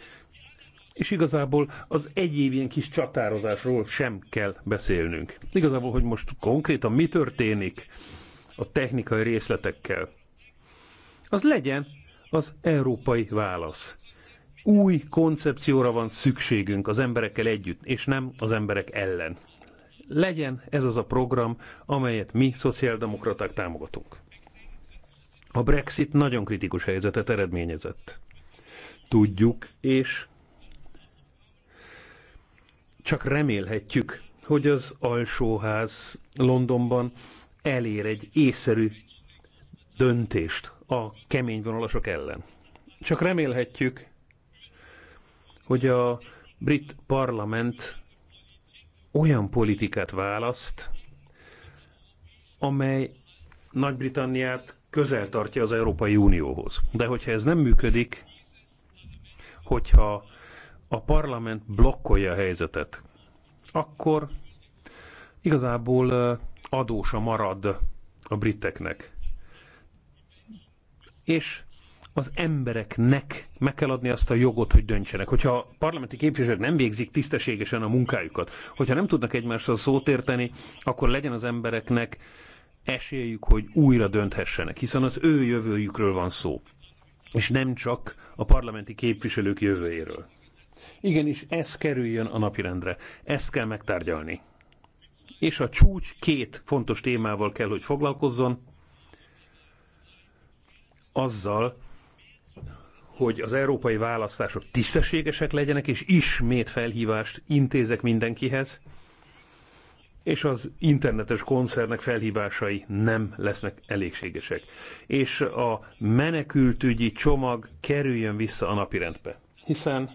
és igazából az év ilyen kis csatározásról sem kell beszélnünk. Igazából, hogy most konkrétan mi történik a technikai részletekkel, az legyen az európai válasz. Új koncepcióra van szükségünk az emberekkel együtt, és nem az emberek ellen. Legyen ez az a program, amelyet mi, szociáldemokraták támogatunk. A Brexit nagyon kritikus helyzetet eredményezett. Tudjuk, és csak remélhetjük, hogy az alsóház Londonban elér egy észszerű döntést a kemény vonalasok ellen. Csak remélhetjük, hogy a brit parlament olyan politikát választ, amely Nagy-Britanniát közel tartja az Európai Unióhoz. De hogyha ez nem működik, hogyha a parlament blokkolja a helyzetet, akkor igazából adósa marad a briteknek. És az embereknek meg kell adni azt a jogot, hogy döntsenek. Hogyha a parlamenti képviselők nem végzik tisztességesen a munkájukat, hogyha nem tudnak egymással szót érteni, akkor legyen az embereknek esélyük, hogy újra dönthessenek, hiszen az ő jövőjükről van szó, és nem csak a parlamenti képviselők jövőjéről. Igenis, ez kerüljön a napirendre. Ezt kell megtárgyalni. És a csúcs két fontos témával kell, hogy foglalkozzon. Azzal, hogy az európai választások tisztességesek legyenek, és ismét felhívást intézek mindenkihez, és az internetes koncernek felhívásai nem lesznek elégségesek. És a menekültügyi csomag kerüljön vissza a napirendbe. Hiszen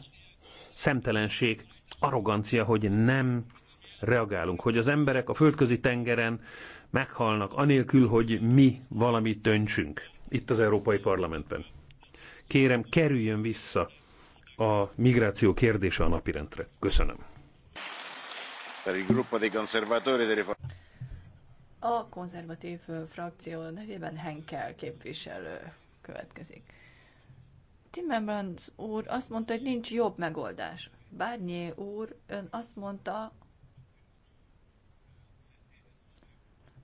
szemtelenség, arrogancia, hogy nem reagálunk, hogy az emberek a földközi tengeren meghalnak, anélkül, hogy mi valamit döntsünk itt az Európai Parlamentben. Kérem, kerüljön vissza a migráció kérdése a napirendre. Köszönöm. A konzervatív frakció nevében Henkel képviselő következik. Timmermans úr azt mondta, hogy nincs jobb megoldás. Bárnyé úr, ön azt mondta,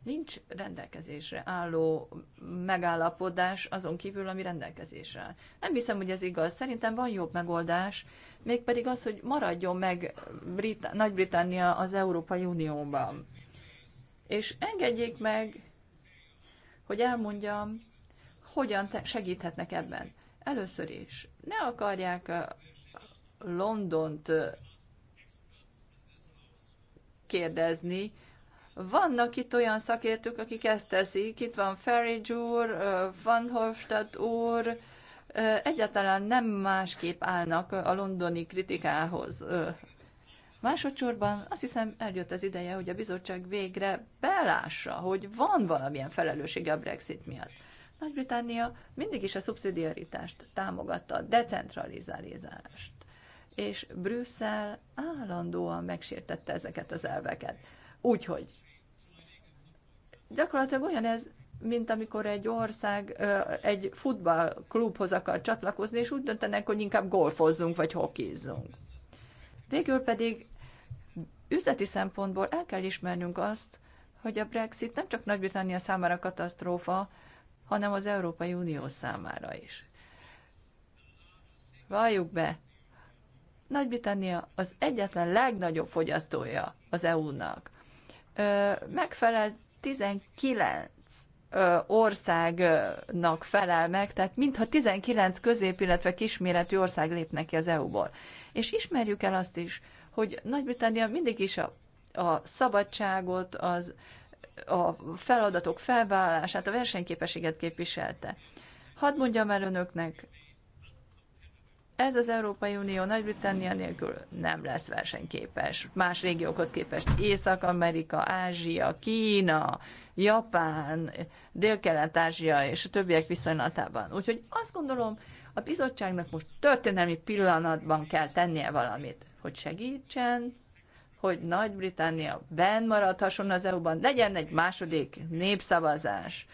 nincs rendelkezésre álló megállapodás azon kívül, ami rendelkezésre. Nem hiszem, hogy ez igaz. Szerintem van jobb megoldás, mégpedig az, hogy maradjon meg Brit- Nagy-Britannia az Európai Unióban. És engedjék meg, hogy elmondjam, hogyan segíthetnek ebben. Először is ne akarják Londont kérdezni. Vannak itt olyan szakértők, akik ezt teszik. Itt van Farage úr, Van Hofstadt úr, egyáltalán nem másképp állnak a londoni kritikához. Másodszorban azt hiszem eljött az ideje, hogy a bizottság végre belássa, hogy van valamilyen felelőssége a Brexit miatt. Nagy-Britannia mindig is a szubszidiaritást támogatta, a decentralizálást, és Brüsszel állandóan megsértette ezeket az elveket. Úgyhogy gyakorlatilag olyan ez, mint amikor egy ország egy futballklubhoz akar csatlakozni, és úgy döntenek, hogy inkább golfozzunk vagy hokizzunk. Végül pedig üzleti szempontból el kell ismernünk azt, hogy a Brexit nem csak Nagy-Britannia számára katasztrófa, hanem az Európai Unió számára is. Valljuk be, Nagy-Britannia az egyetlen legnagyobb fogyasztója az EU-nak. Megfelel 19 országnak felel meg, tehát mintha 19 közép, illetve kisméretű ország lépne ki az EU-ból. És ismerjük el azt is, hogy Nagy-Britannia mindig is a, a szabadságot, az a feladatok felvállalását, a versenyképességet képviselte. Hadd mondjam el önöknek, ez az Európai Unió Nagy-Britannia nélkül nem lesz versenyképes. Más régiókhoz képest Észak-Amerika, Ázsia, Kína, Japán, Dél-Kelet-Ázsia és a többiek viszonylatában. Úgyhogy azt gondolom, a bizottságnak most történelmi pillanatban kell tennie valamit, hogy segítsen hogy Nagy-Britannia benn maradhasson az EU-ban, legyen egy második népszavazás.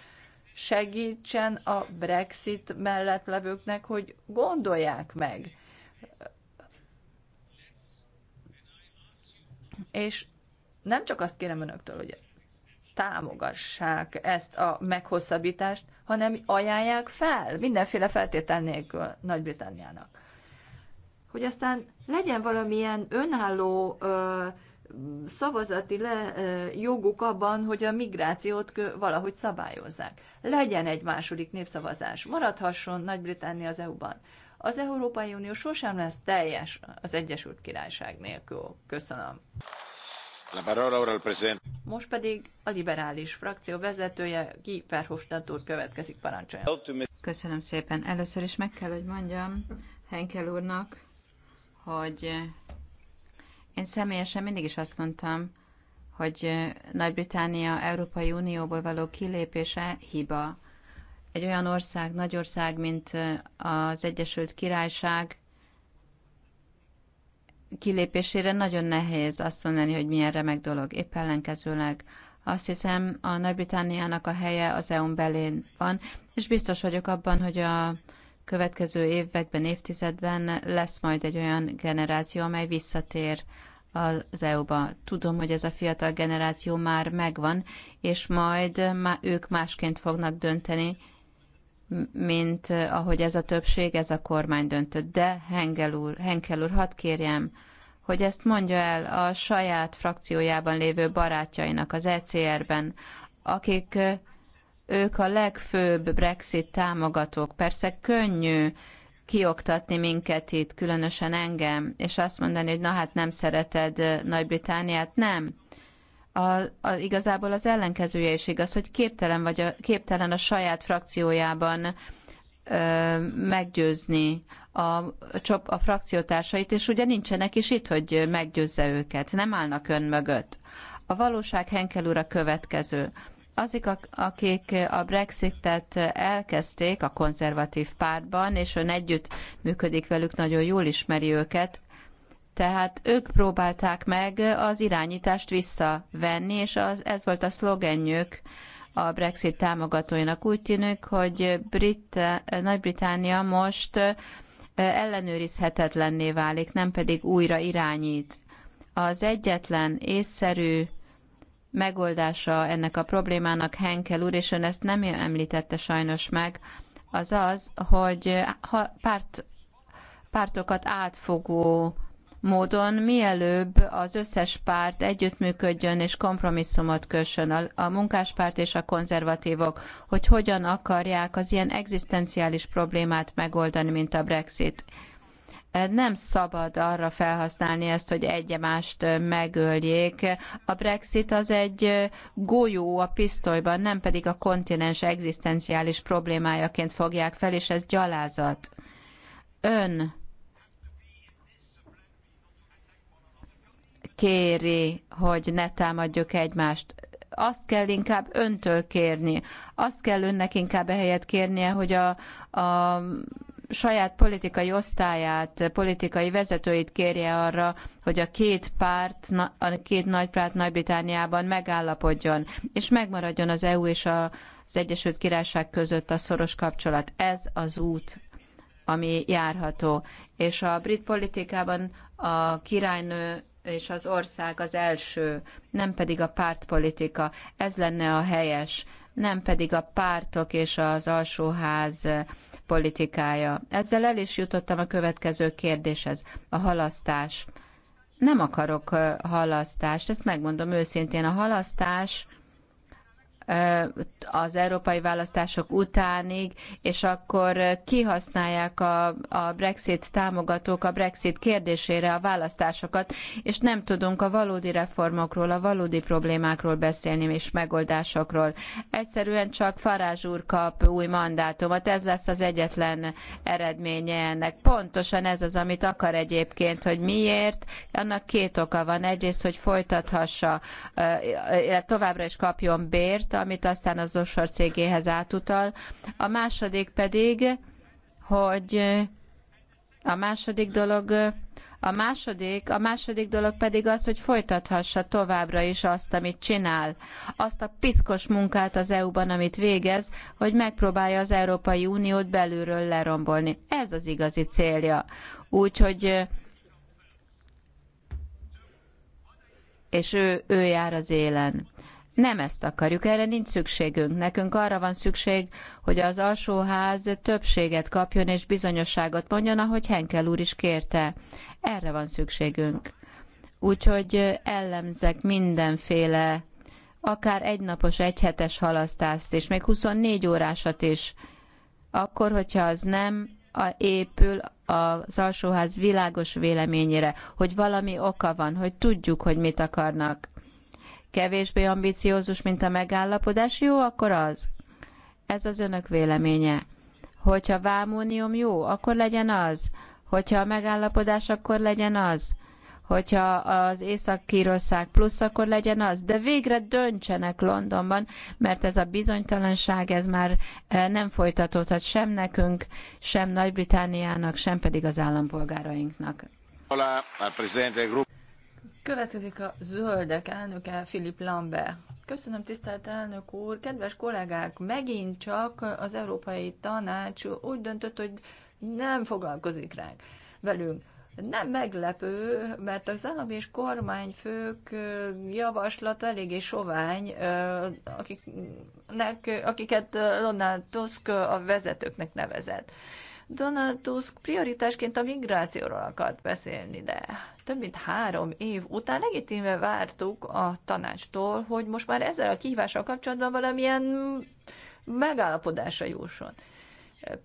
Segítsen a Brexit mellett levőknek, hogy gondolják meg. És nem csak azt kérem önöktől, hogy támogassák ezt a meghosszabbítást, hanem ajánlják fel mindenféle feltétel nélkül Nagy-Britanniának hogy aztán legyen valamilyen önálló ö, szavazati le, ö, joguk abban, hogy a migrációt kö, valahogy szabályozzák. Legyen egy második népszavazás, maradhasson Nagy-Britannia az EU-ban. Az Európai Unió sosem lesz teljes az Egyesült Királyság nélkül. Köszönöm. Most pedig a liberális frakció vezetője, Guy Verhofstadt úr következik parancsolja. Köszönöm szépen. Először is meg kell, hogy mondjam Henkel úrnak, hogy én személyesen mindig is azt mondtam, hogy nagy británia Európai Unióból való kilépése hiba. Egy olyan ország, nagy ország, mint az Egyesült Királyság kilépésére nagyon nehéz azt mondani, hogy milyen remek dolog. Épp ellenkezőleg azt hiszem, a Nagy-Britanniának a helye az EU-n belén van, és biztos vagyok abban, hogy a, következő években, évtizedben lesz majd egy olyan generáció, amely visszatér az EU-ba. Tudom, hogy ez a fiatal generáció már megvan, és majd ők másként fognak dönteni, mint ahogy ez a többség, ez a kormány döntött. De Henkel úr, Henkel úr hadd kérjem, hogy ezt mondja el a saját frakciójában lévő barátjainak az ECR-ben, akik ők a legfőbb Brexit támogatók. Persze könnyű kioktatni minket itt, különösen engem, és azt mondani, hogy na hát nem szereted Nagy-Britániát. Nem. A, a, igazából az ellenkezője is igaz, hogy képtelen, vagy a, képtelen a saját frakciójában ö, meggyőzni a, a, a frakciótársait, és ugye nincsenek is itt, hogy meggyőzze őket, nem állnak ön mögött. A valóság Henkel úr a következő azik, akik a Brexitet elkezdték a konzervatív pártban, és ön együtt működik velük, nagyon jól ismeri őket, tehát ők próbálták meg az irányítást visszavenni, és az, ez volt a szlogenjük a Brexit támogatóinak. Úgy tűnik, hogy Brit, Nagy-Britannia most ellenőrizhetetlenné válik, nem pedig újra irányít. Az egyetlen észszerű megoldása ennek a problémának Henkel úr, és ön ezt nem említette sajnos meg, az az, hogy ha párt, pártokat átfogó módon mielőbb az összes párt együttműködjön és kompromisszumot kössön a, a munkáspárt és a konzervatívok, hogy hogyan akarják az ilyen egzisztenciális problémát megoldani, mint a Brexit. Nem szabad arra felhasználni ezt, hogy egyemást megöljék. A Brexit az egy golyó a pisztolyban, nem pedig a kontinens egzisztenciális problémájaként fogják fel, és ez gyalázat. Ön kéri, hogy ne támadjuk egymást. Azt kell inkább öntől kérni. Azt kell önnek inkább ehelyett kérnie, hogy a, a saját politikai osztályát, politikai vezetőit kérje arra, hogy a két párt, a két nagypárt Nagy-Britániában megállapodjon, és megmaradjon az EU és az Egyesült Királyság között a szoros kapcsolat. Ez az út, ami járható. És a brit politikában a királynő és az ország az első, nem pedig a pártpolitika. Ez lenne a helyes, nem pedig a pártok és az alsóház politikája. Ezzel el is jutottam a következő kérdéshez, a halasztás. Nem akarok halasztást, ezt megmondom őszintén. A halasztás az európai választások utánig, és akkor kihasználják a, a Brexit támogatók a Brexit kérdésére a választásokat, és nem tudunk a valódi reformokról, a valódi problémákról beszélni és megoldásokról. Egyszerűen csak Farázs úr kap új mandátumot, ez lesz az egyetlen eredménye ennek. Pontosan ez az, amit akar egyébként, hogy miért. Annak két oka van. Egyrészt, hogy folytathassa, továbbra is kapjon bért, feladata, amit aztán az offshore cégéhez átutal. A második pedig, hogy a második dolog, a második, a második dolog pedig az, hogy folytathassa továbbra is azt, amit csinál. Azt a piszkos munkát az EU-ban, amit végez, hogy megpróbálja az Európai Uniót belülről lerombolni. Ez az igazi célja. Úgyhogy és ő, ő jár az élen. Nem ezt akarjuk, erre nincs szükségünk. Nekünk arra van szükség, hogy az alsóház többséget kapjon és bizonyosságot mondjon, ahogy Henkel úr is kérte. Erre van szükségünk. Úgyhogy ellenzek mindenféle, akár egynapos, egyhetes halasztást és még 24 órásat is, akkor, hogyha az nem épül az alsóház világos véleményére, hogy valami oka van, hogy tudjuk, hogy mit akarnak kevésbé ambiciózus, mint a megállapodás, jó, akkor az. Ez az önök véleménye. Hogyha vámónium jó, akkor legyen az. Hogyha a megállapodás, akkor legyen az. Hogyha az Észak-Kírország plusz, akkor legyen az. De végre döntsenek Londonban, mert ez a bizonytalanság, ez már eh, nem folytatódhat sem nekünk, sem Nagy-Britániának, sem pedig az állampolgárainknak. Hola, Következik a zöldek elnöke, Philip Lambert. Köszönöm, tisztelt elnök úr! Kedves kollégák, megint csak az Európai Tanács úgy döntött, hogy nem foglalkozik ránk velünk. Nem meglepő, mert az állami és kormányfők javaslat eléggé sovány, akiknek, akiket Donald Tusk a vezetőknek nevezett. Donald Tusk prioritásként a migrációról akart beszélni, de több mint három év után legitimve vártuk a tanácstól, hogy most már ezzel a kihívással kapcsolatban valamilyen megállapodásra jusson.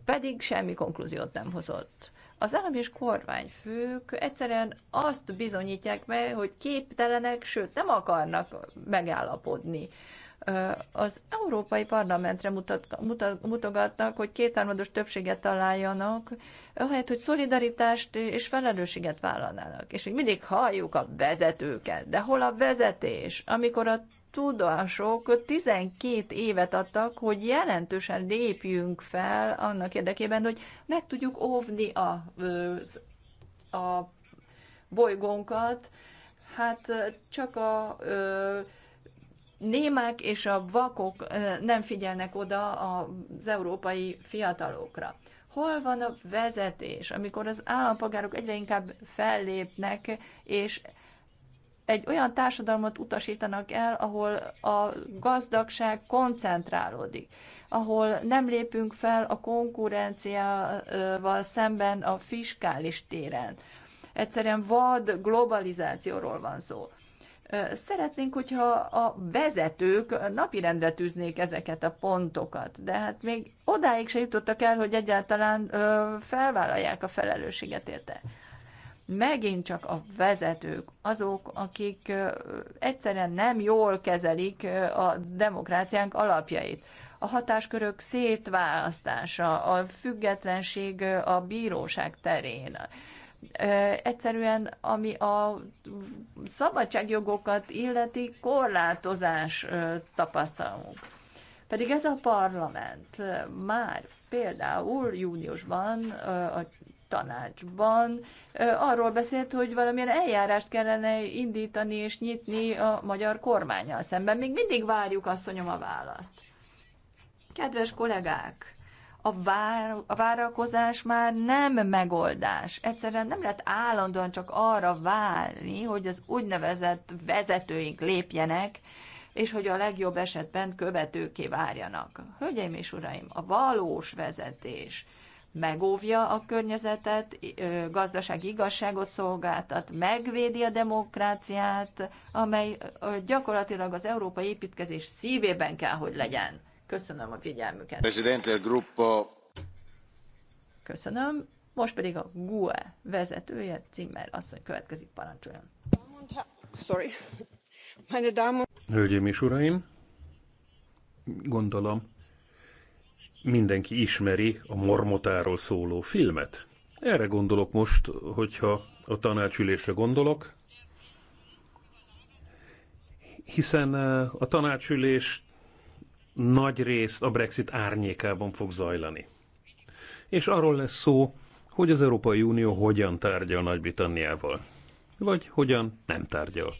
Pedig semmi konklúziót nem hozott. Az állam és kormányfők egyszerűen azt bizonyítják meg, hogy képtelenek, sőt nem akarnak megállapodni az Európai Parlamentre mutat, mutat, mutogatnak, hogy kétharmados többséget találjanak, ahelyett, hogy szolidaritást és felelősséget vállalnának. És még mindig halljuk a vezetőket, de hol a vezetés, amikor a tudások 12 évet adtak, hogy jelentősen lépjünk fel annak érdekében, hogy meg tudjuk óvni a, a bolygónkat, hát csak a némák és a vakok nem figyelnek oda az európai fiatalokra. Hol van a vezetés, amikor az állampolgárok egyre inkább fellépnek, és egy olyan társadalmat utasítanak el, ahol a gazdagság koncentrálódik, ahol nem lépünk fel a konkurenciával szemben a fiskális téren. Egyszerűen vad globalizációról van szó. Szeretnénk, hogyha a vezetők napirendre tűznék ezeket a pontokat, de hát még odáig se jutottak el, hogy egyáltalán felvállalják a felelősséget érte. Megint csak a vezetők, azok, akik egyszerűen nem jól kezelik a demokráciánk alapjait. A hatáskörök szétválasztása, a függetlenség a bíróság terén, egyszerűen, ami a szabadságjogokat illeti korlátozás tapasztalunk. Pedig ez a parlament már például júniusban a tanácsban arról beszélt, hogy valamilyen eljárást kellene indítani és nyitni a magyar kormányal szemben. Még mindig várjuk, asszonyom, a választ. Kedves kollégák, a, vár, a várakozás már nem megoldás. Egyszerűen nem lehet állandóan csak arra várni, hogy az úgynevezett vezetőink lépjenek, és hogy a legjobb esetben követőké várjanak. Hölgyeim és uraim, a valós vezetés megóvja a környezetet, gazdasági igazságot szolgáltat, megvédi a demokráciát, amely gyakorlatilag az európai építkezés szívében kell, hogy legyen. Köszönöm a figyelmüket. Presidente, el Köszönöm. Most pedig a GUE vezetője, Zimmer asszony következik, parancsoljon. Sorry. Hölgyeim és uraim, gondolom, mindenki ismeri a mormotáról szóló filmet. Erre gondolok most, hogyha a tanácsülésre gondolok, hiszen eh, a tanácsülést nagy részt a Brexit árnyékában fog zajlani. És arról lesz szó, hogy az Európai Unió hogyan tárgyal Nagy-Britanniával, vagy hogyan nem tárgyal.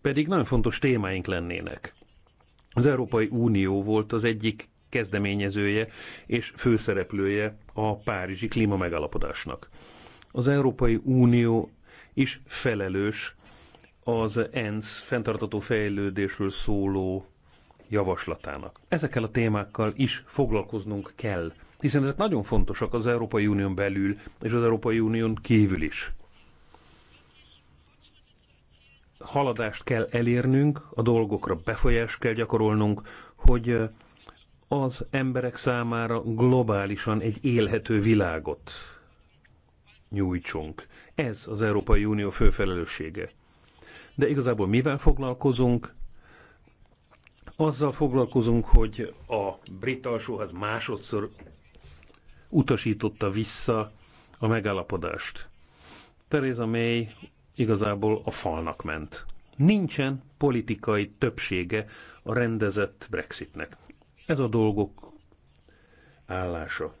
Pedig nagyon fontos témáink lennének. Az Európai Unió volt az egyik kezdeményezője és főszereplője a Párizsi klímamegalapodásnak. Az Európai Unió is felelős az ENSZ fenntartató fejlődésről szóló javaslatának. Ezekkel a témákkal is foglalkoznunk kell, hiszen ezek nagyon fontosak az Európai Unión belül és az Európai Unión kívül is. Haladást kell elérnünk, a dolgokra befolyást kell gyakorolnunk, hogy az emberek számára globálisan egy élhető világot nyújtsunk. Ez az Európai Unió fő felelőssége. De igazából mivel foglalkozunk, azzal foglalkozunk, hogy a brit alsóház másodszor utasította vissza a megállapodást. Theresa May igazából a falnak ment. Nincsen politikai többsége a rendezett Brexitnek. Ez a dolgok állása.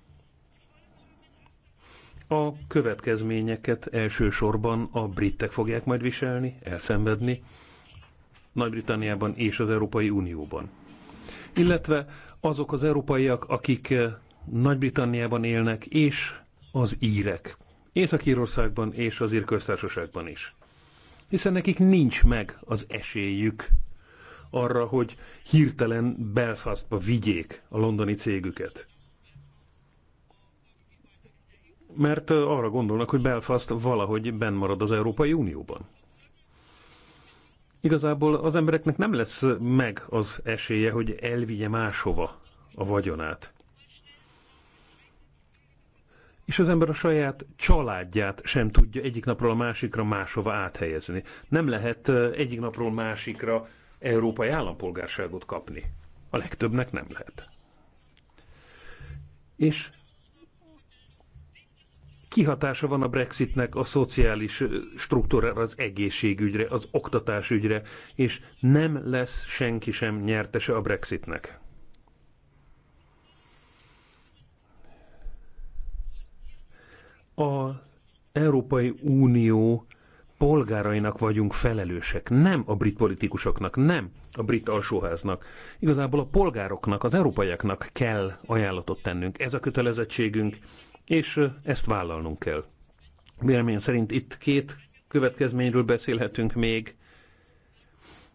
A következményeket elsősorban a britek fogják majd viselni, elszenvedni, nagy-Britanniában és az Európai Unióban. Illetve azok az európaiak, akik eh, Nagy-Britanniában élnek, és az írek. Észak-Írországban és az Írköztársaságban is. Hiszen nekik nincs meg az esélyük arra, hogy hirtelen Belfastba vigyék a londoni cégüket. Mert eh, arra gondolnak, hogy Belfast valahogy benn marad az Európai Unióban igazából az embereknek nem lesz meg az esélye, hogy elvigye máshova a vagyonát. És az ember a saját családját sem tudja egyik napról a másikra máshova áthelyezni. Nem lehet egyik napról másikra európai állampolgárságot kapni. A legtöbbnek nem lehet. És kihatása van a Brexitnek a szociális struktúrára, az egészségügyre, az oktatásügyre, és nem lesz senki sem nyertese a Brexitnek. A Európai Unió polgárainak vagyunk felelősek, nem a brit politikusoknak, nem a brit alsóháznak. Igazából a polgároknak, az európaiaknak kell ajánlatot tennünk. Ez a kötelezettségünk, és ezt vállalnunk kell. Véleményem szerint itt két következményről beszélhetünk még,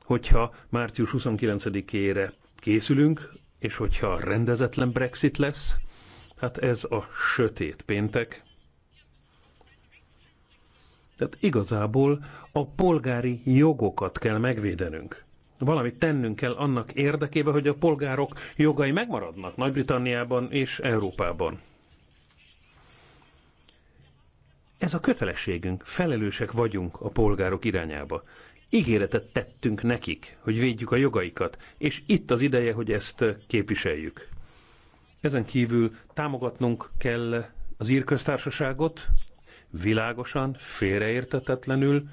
hogyha március 29-ére készülünk, és hogyha rendezetlen Brexit lesz, hát ez a sötét péntek. Tehát igazából a polgári jogokat kell megvédenünk. Valamit tennünk kell annak érdekében, hogy a polgárok jogai megmaradnak Nagy-Britanniában és Európában. Ez a kötelességünk, felelősek vagyunk a polgárok irányába. Ígéretet tettünk nekik, hogy védjük a jogaikat, és itt az ideje, hogy ezt képviseljük. Ezen kívül támogatnunk kell az írköztársaságot, világosan, félreértetetlenül,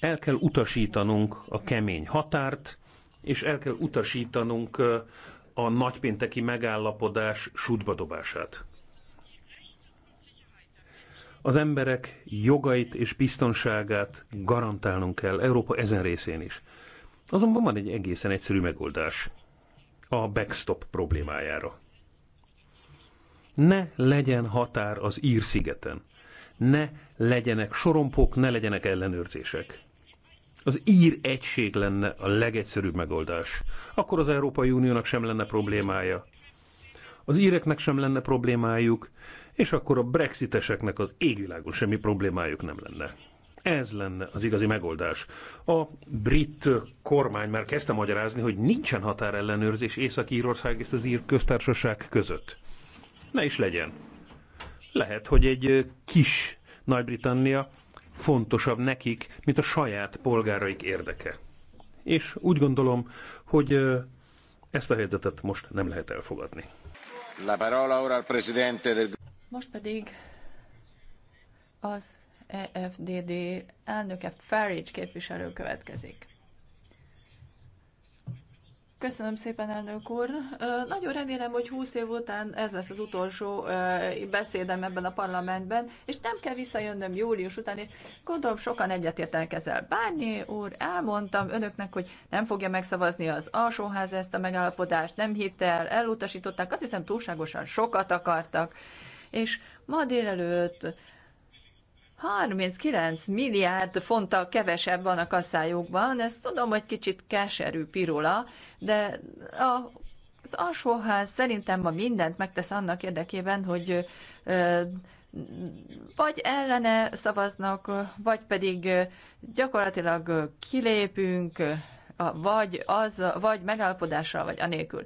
el kell utasítanunk a kemény határt, és el kell utasítanunk a nagypénteki megállapodás sútba dobását. Az emberek jogait és biztonságát garantálnunk kell Európa ezen részén is. Azonban van egy egészen egyszerű megoldás a backstop problémájára. Ne legyen határ az Ír-szigeten. Ne legyenek sorompok, ne legyenek ellenőrzések. Az ír egység lenne a legegyszerűbb megoldás. Akkor az Európai Uniónak sem lenne problémája. Az íreknek sem lenne problémájuk, és akkor a brexiteseknek az égvilágon semmi problémájuk nem lenne. Ez lenne az igazi megoldás. A brit kormány már kezdte magyarázni, hogy nincsen határellenőrzés Észak-Írország és az ír köztársaság között. Ne is legyen. Lehet, hogy egy kis Nagy-Britannia fontosabb nekik, mint a saját polgáraik érdeke. És úgy gondolom, hogy ezt a helyzetet most nem lehet elfogadni. La parola ora al presidente del most pedig az EFDD elnöke Farage képviselő következik. Köszönöm szépen, elnök úr. Nagyon remélem, hogy 20 év után ez lesz az utolsó beszédem ebben a parlamentben, és nem kell visszajönnöm július után, és gondolom sokan egyetértenek ezzel. Bárnyi úr, elmondtam önöknek, hogy nem fogja megszavazni az alsóház ezt a megállapodást, nem hitte el, elutasították, azt hiszem túlságosan sokat akartak és ma délelőtt 39 milliárd fonttal kevesebb van a kasszájukban, ezt tudom, hogy kicsit keserű pirula, de a, az alsóház szerintem ma mindent megtesz annak érdekében, hogy ö, vagy ellene szavaznak, vagy pedig gyakorlatilag kilépünk, vagy, az, vagy megállapodással, vagy anélkül.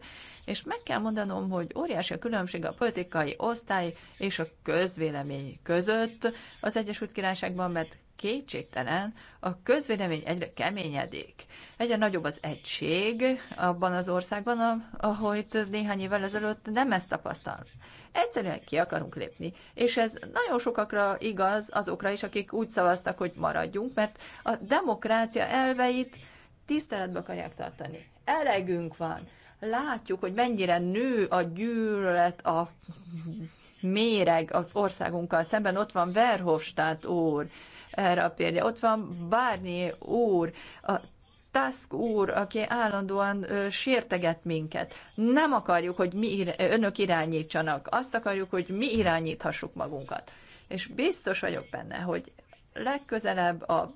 És meg kell mondanom, hogy óriási a különbség a politikai osztály és a közvélemény között az Egyesült Királyságban, mert kétségtelen a közvélemény egyre keményedik. Egyre nagyobb az egység abban az országban, ahol itt néhány évvel ezelőtt nem ezt tapasztal. Egyszerűen ki akarunk lépni. És ez nagyon sokakra igaz azokra is, akik úgy szavaztak, hogy maradjunk, mert a demokrácia elveit tiszteletbe akarják tartani. Elegünk van látjuk, hogy mennyire nő a gyűlölet, a méreg az országunkkal szemben. Ott van Verhofstadt úr, erre a példa. Ott van Bárnyé úr, a Tusk úr, aki állandóan ö, sérteget minket. Nem akarjuk, hogy mi ir- önök irányítsanak. Azt akarjuk, hogy mi irányíthassuk magunkat. És biztos vagyok benne, hogy legközelebb a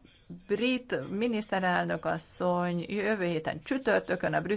brit miniszterelnök asszony jövő héten csütörtökön a Brüsszel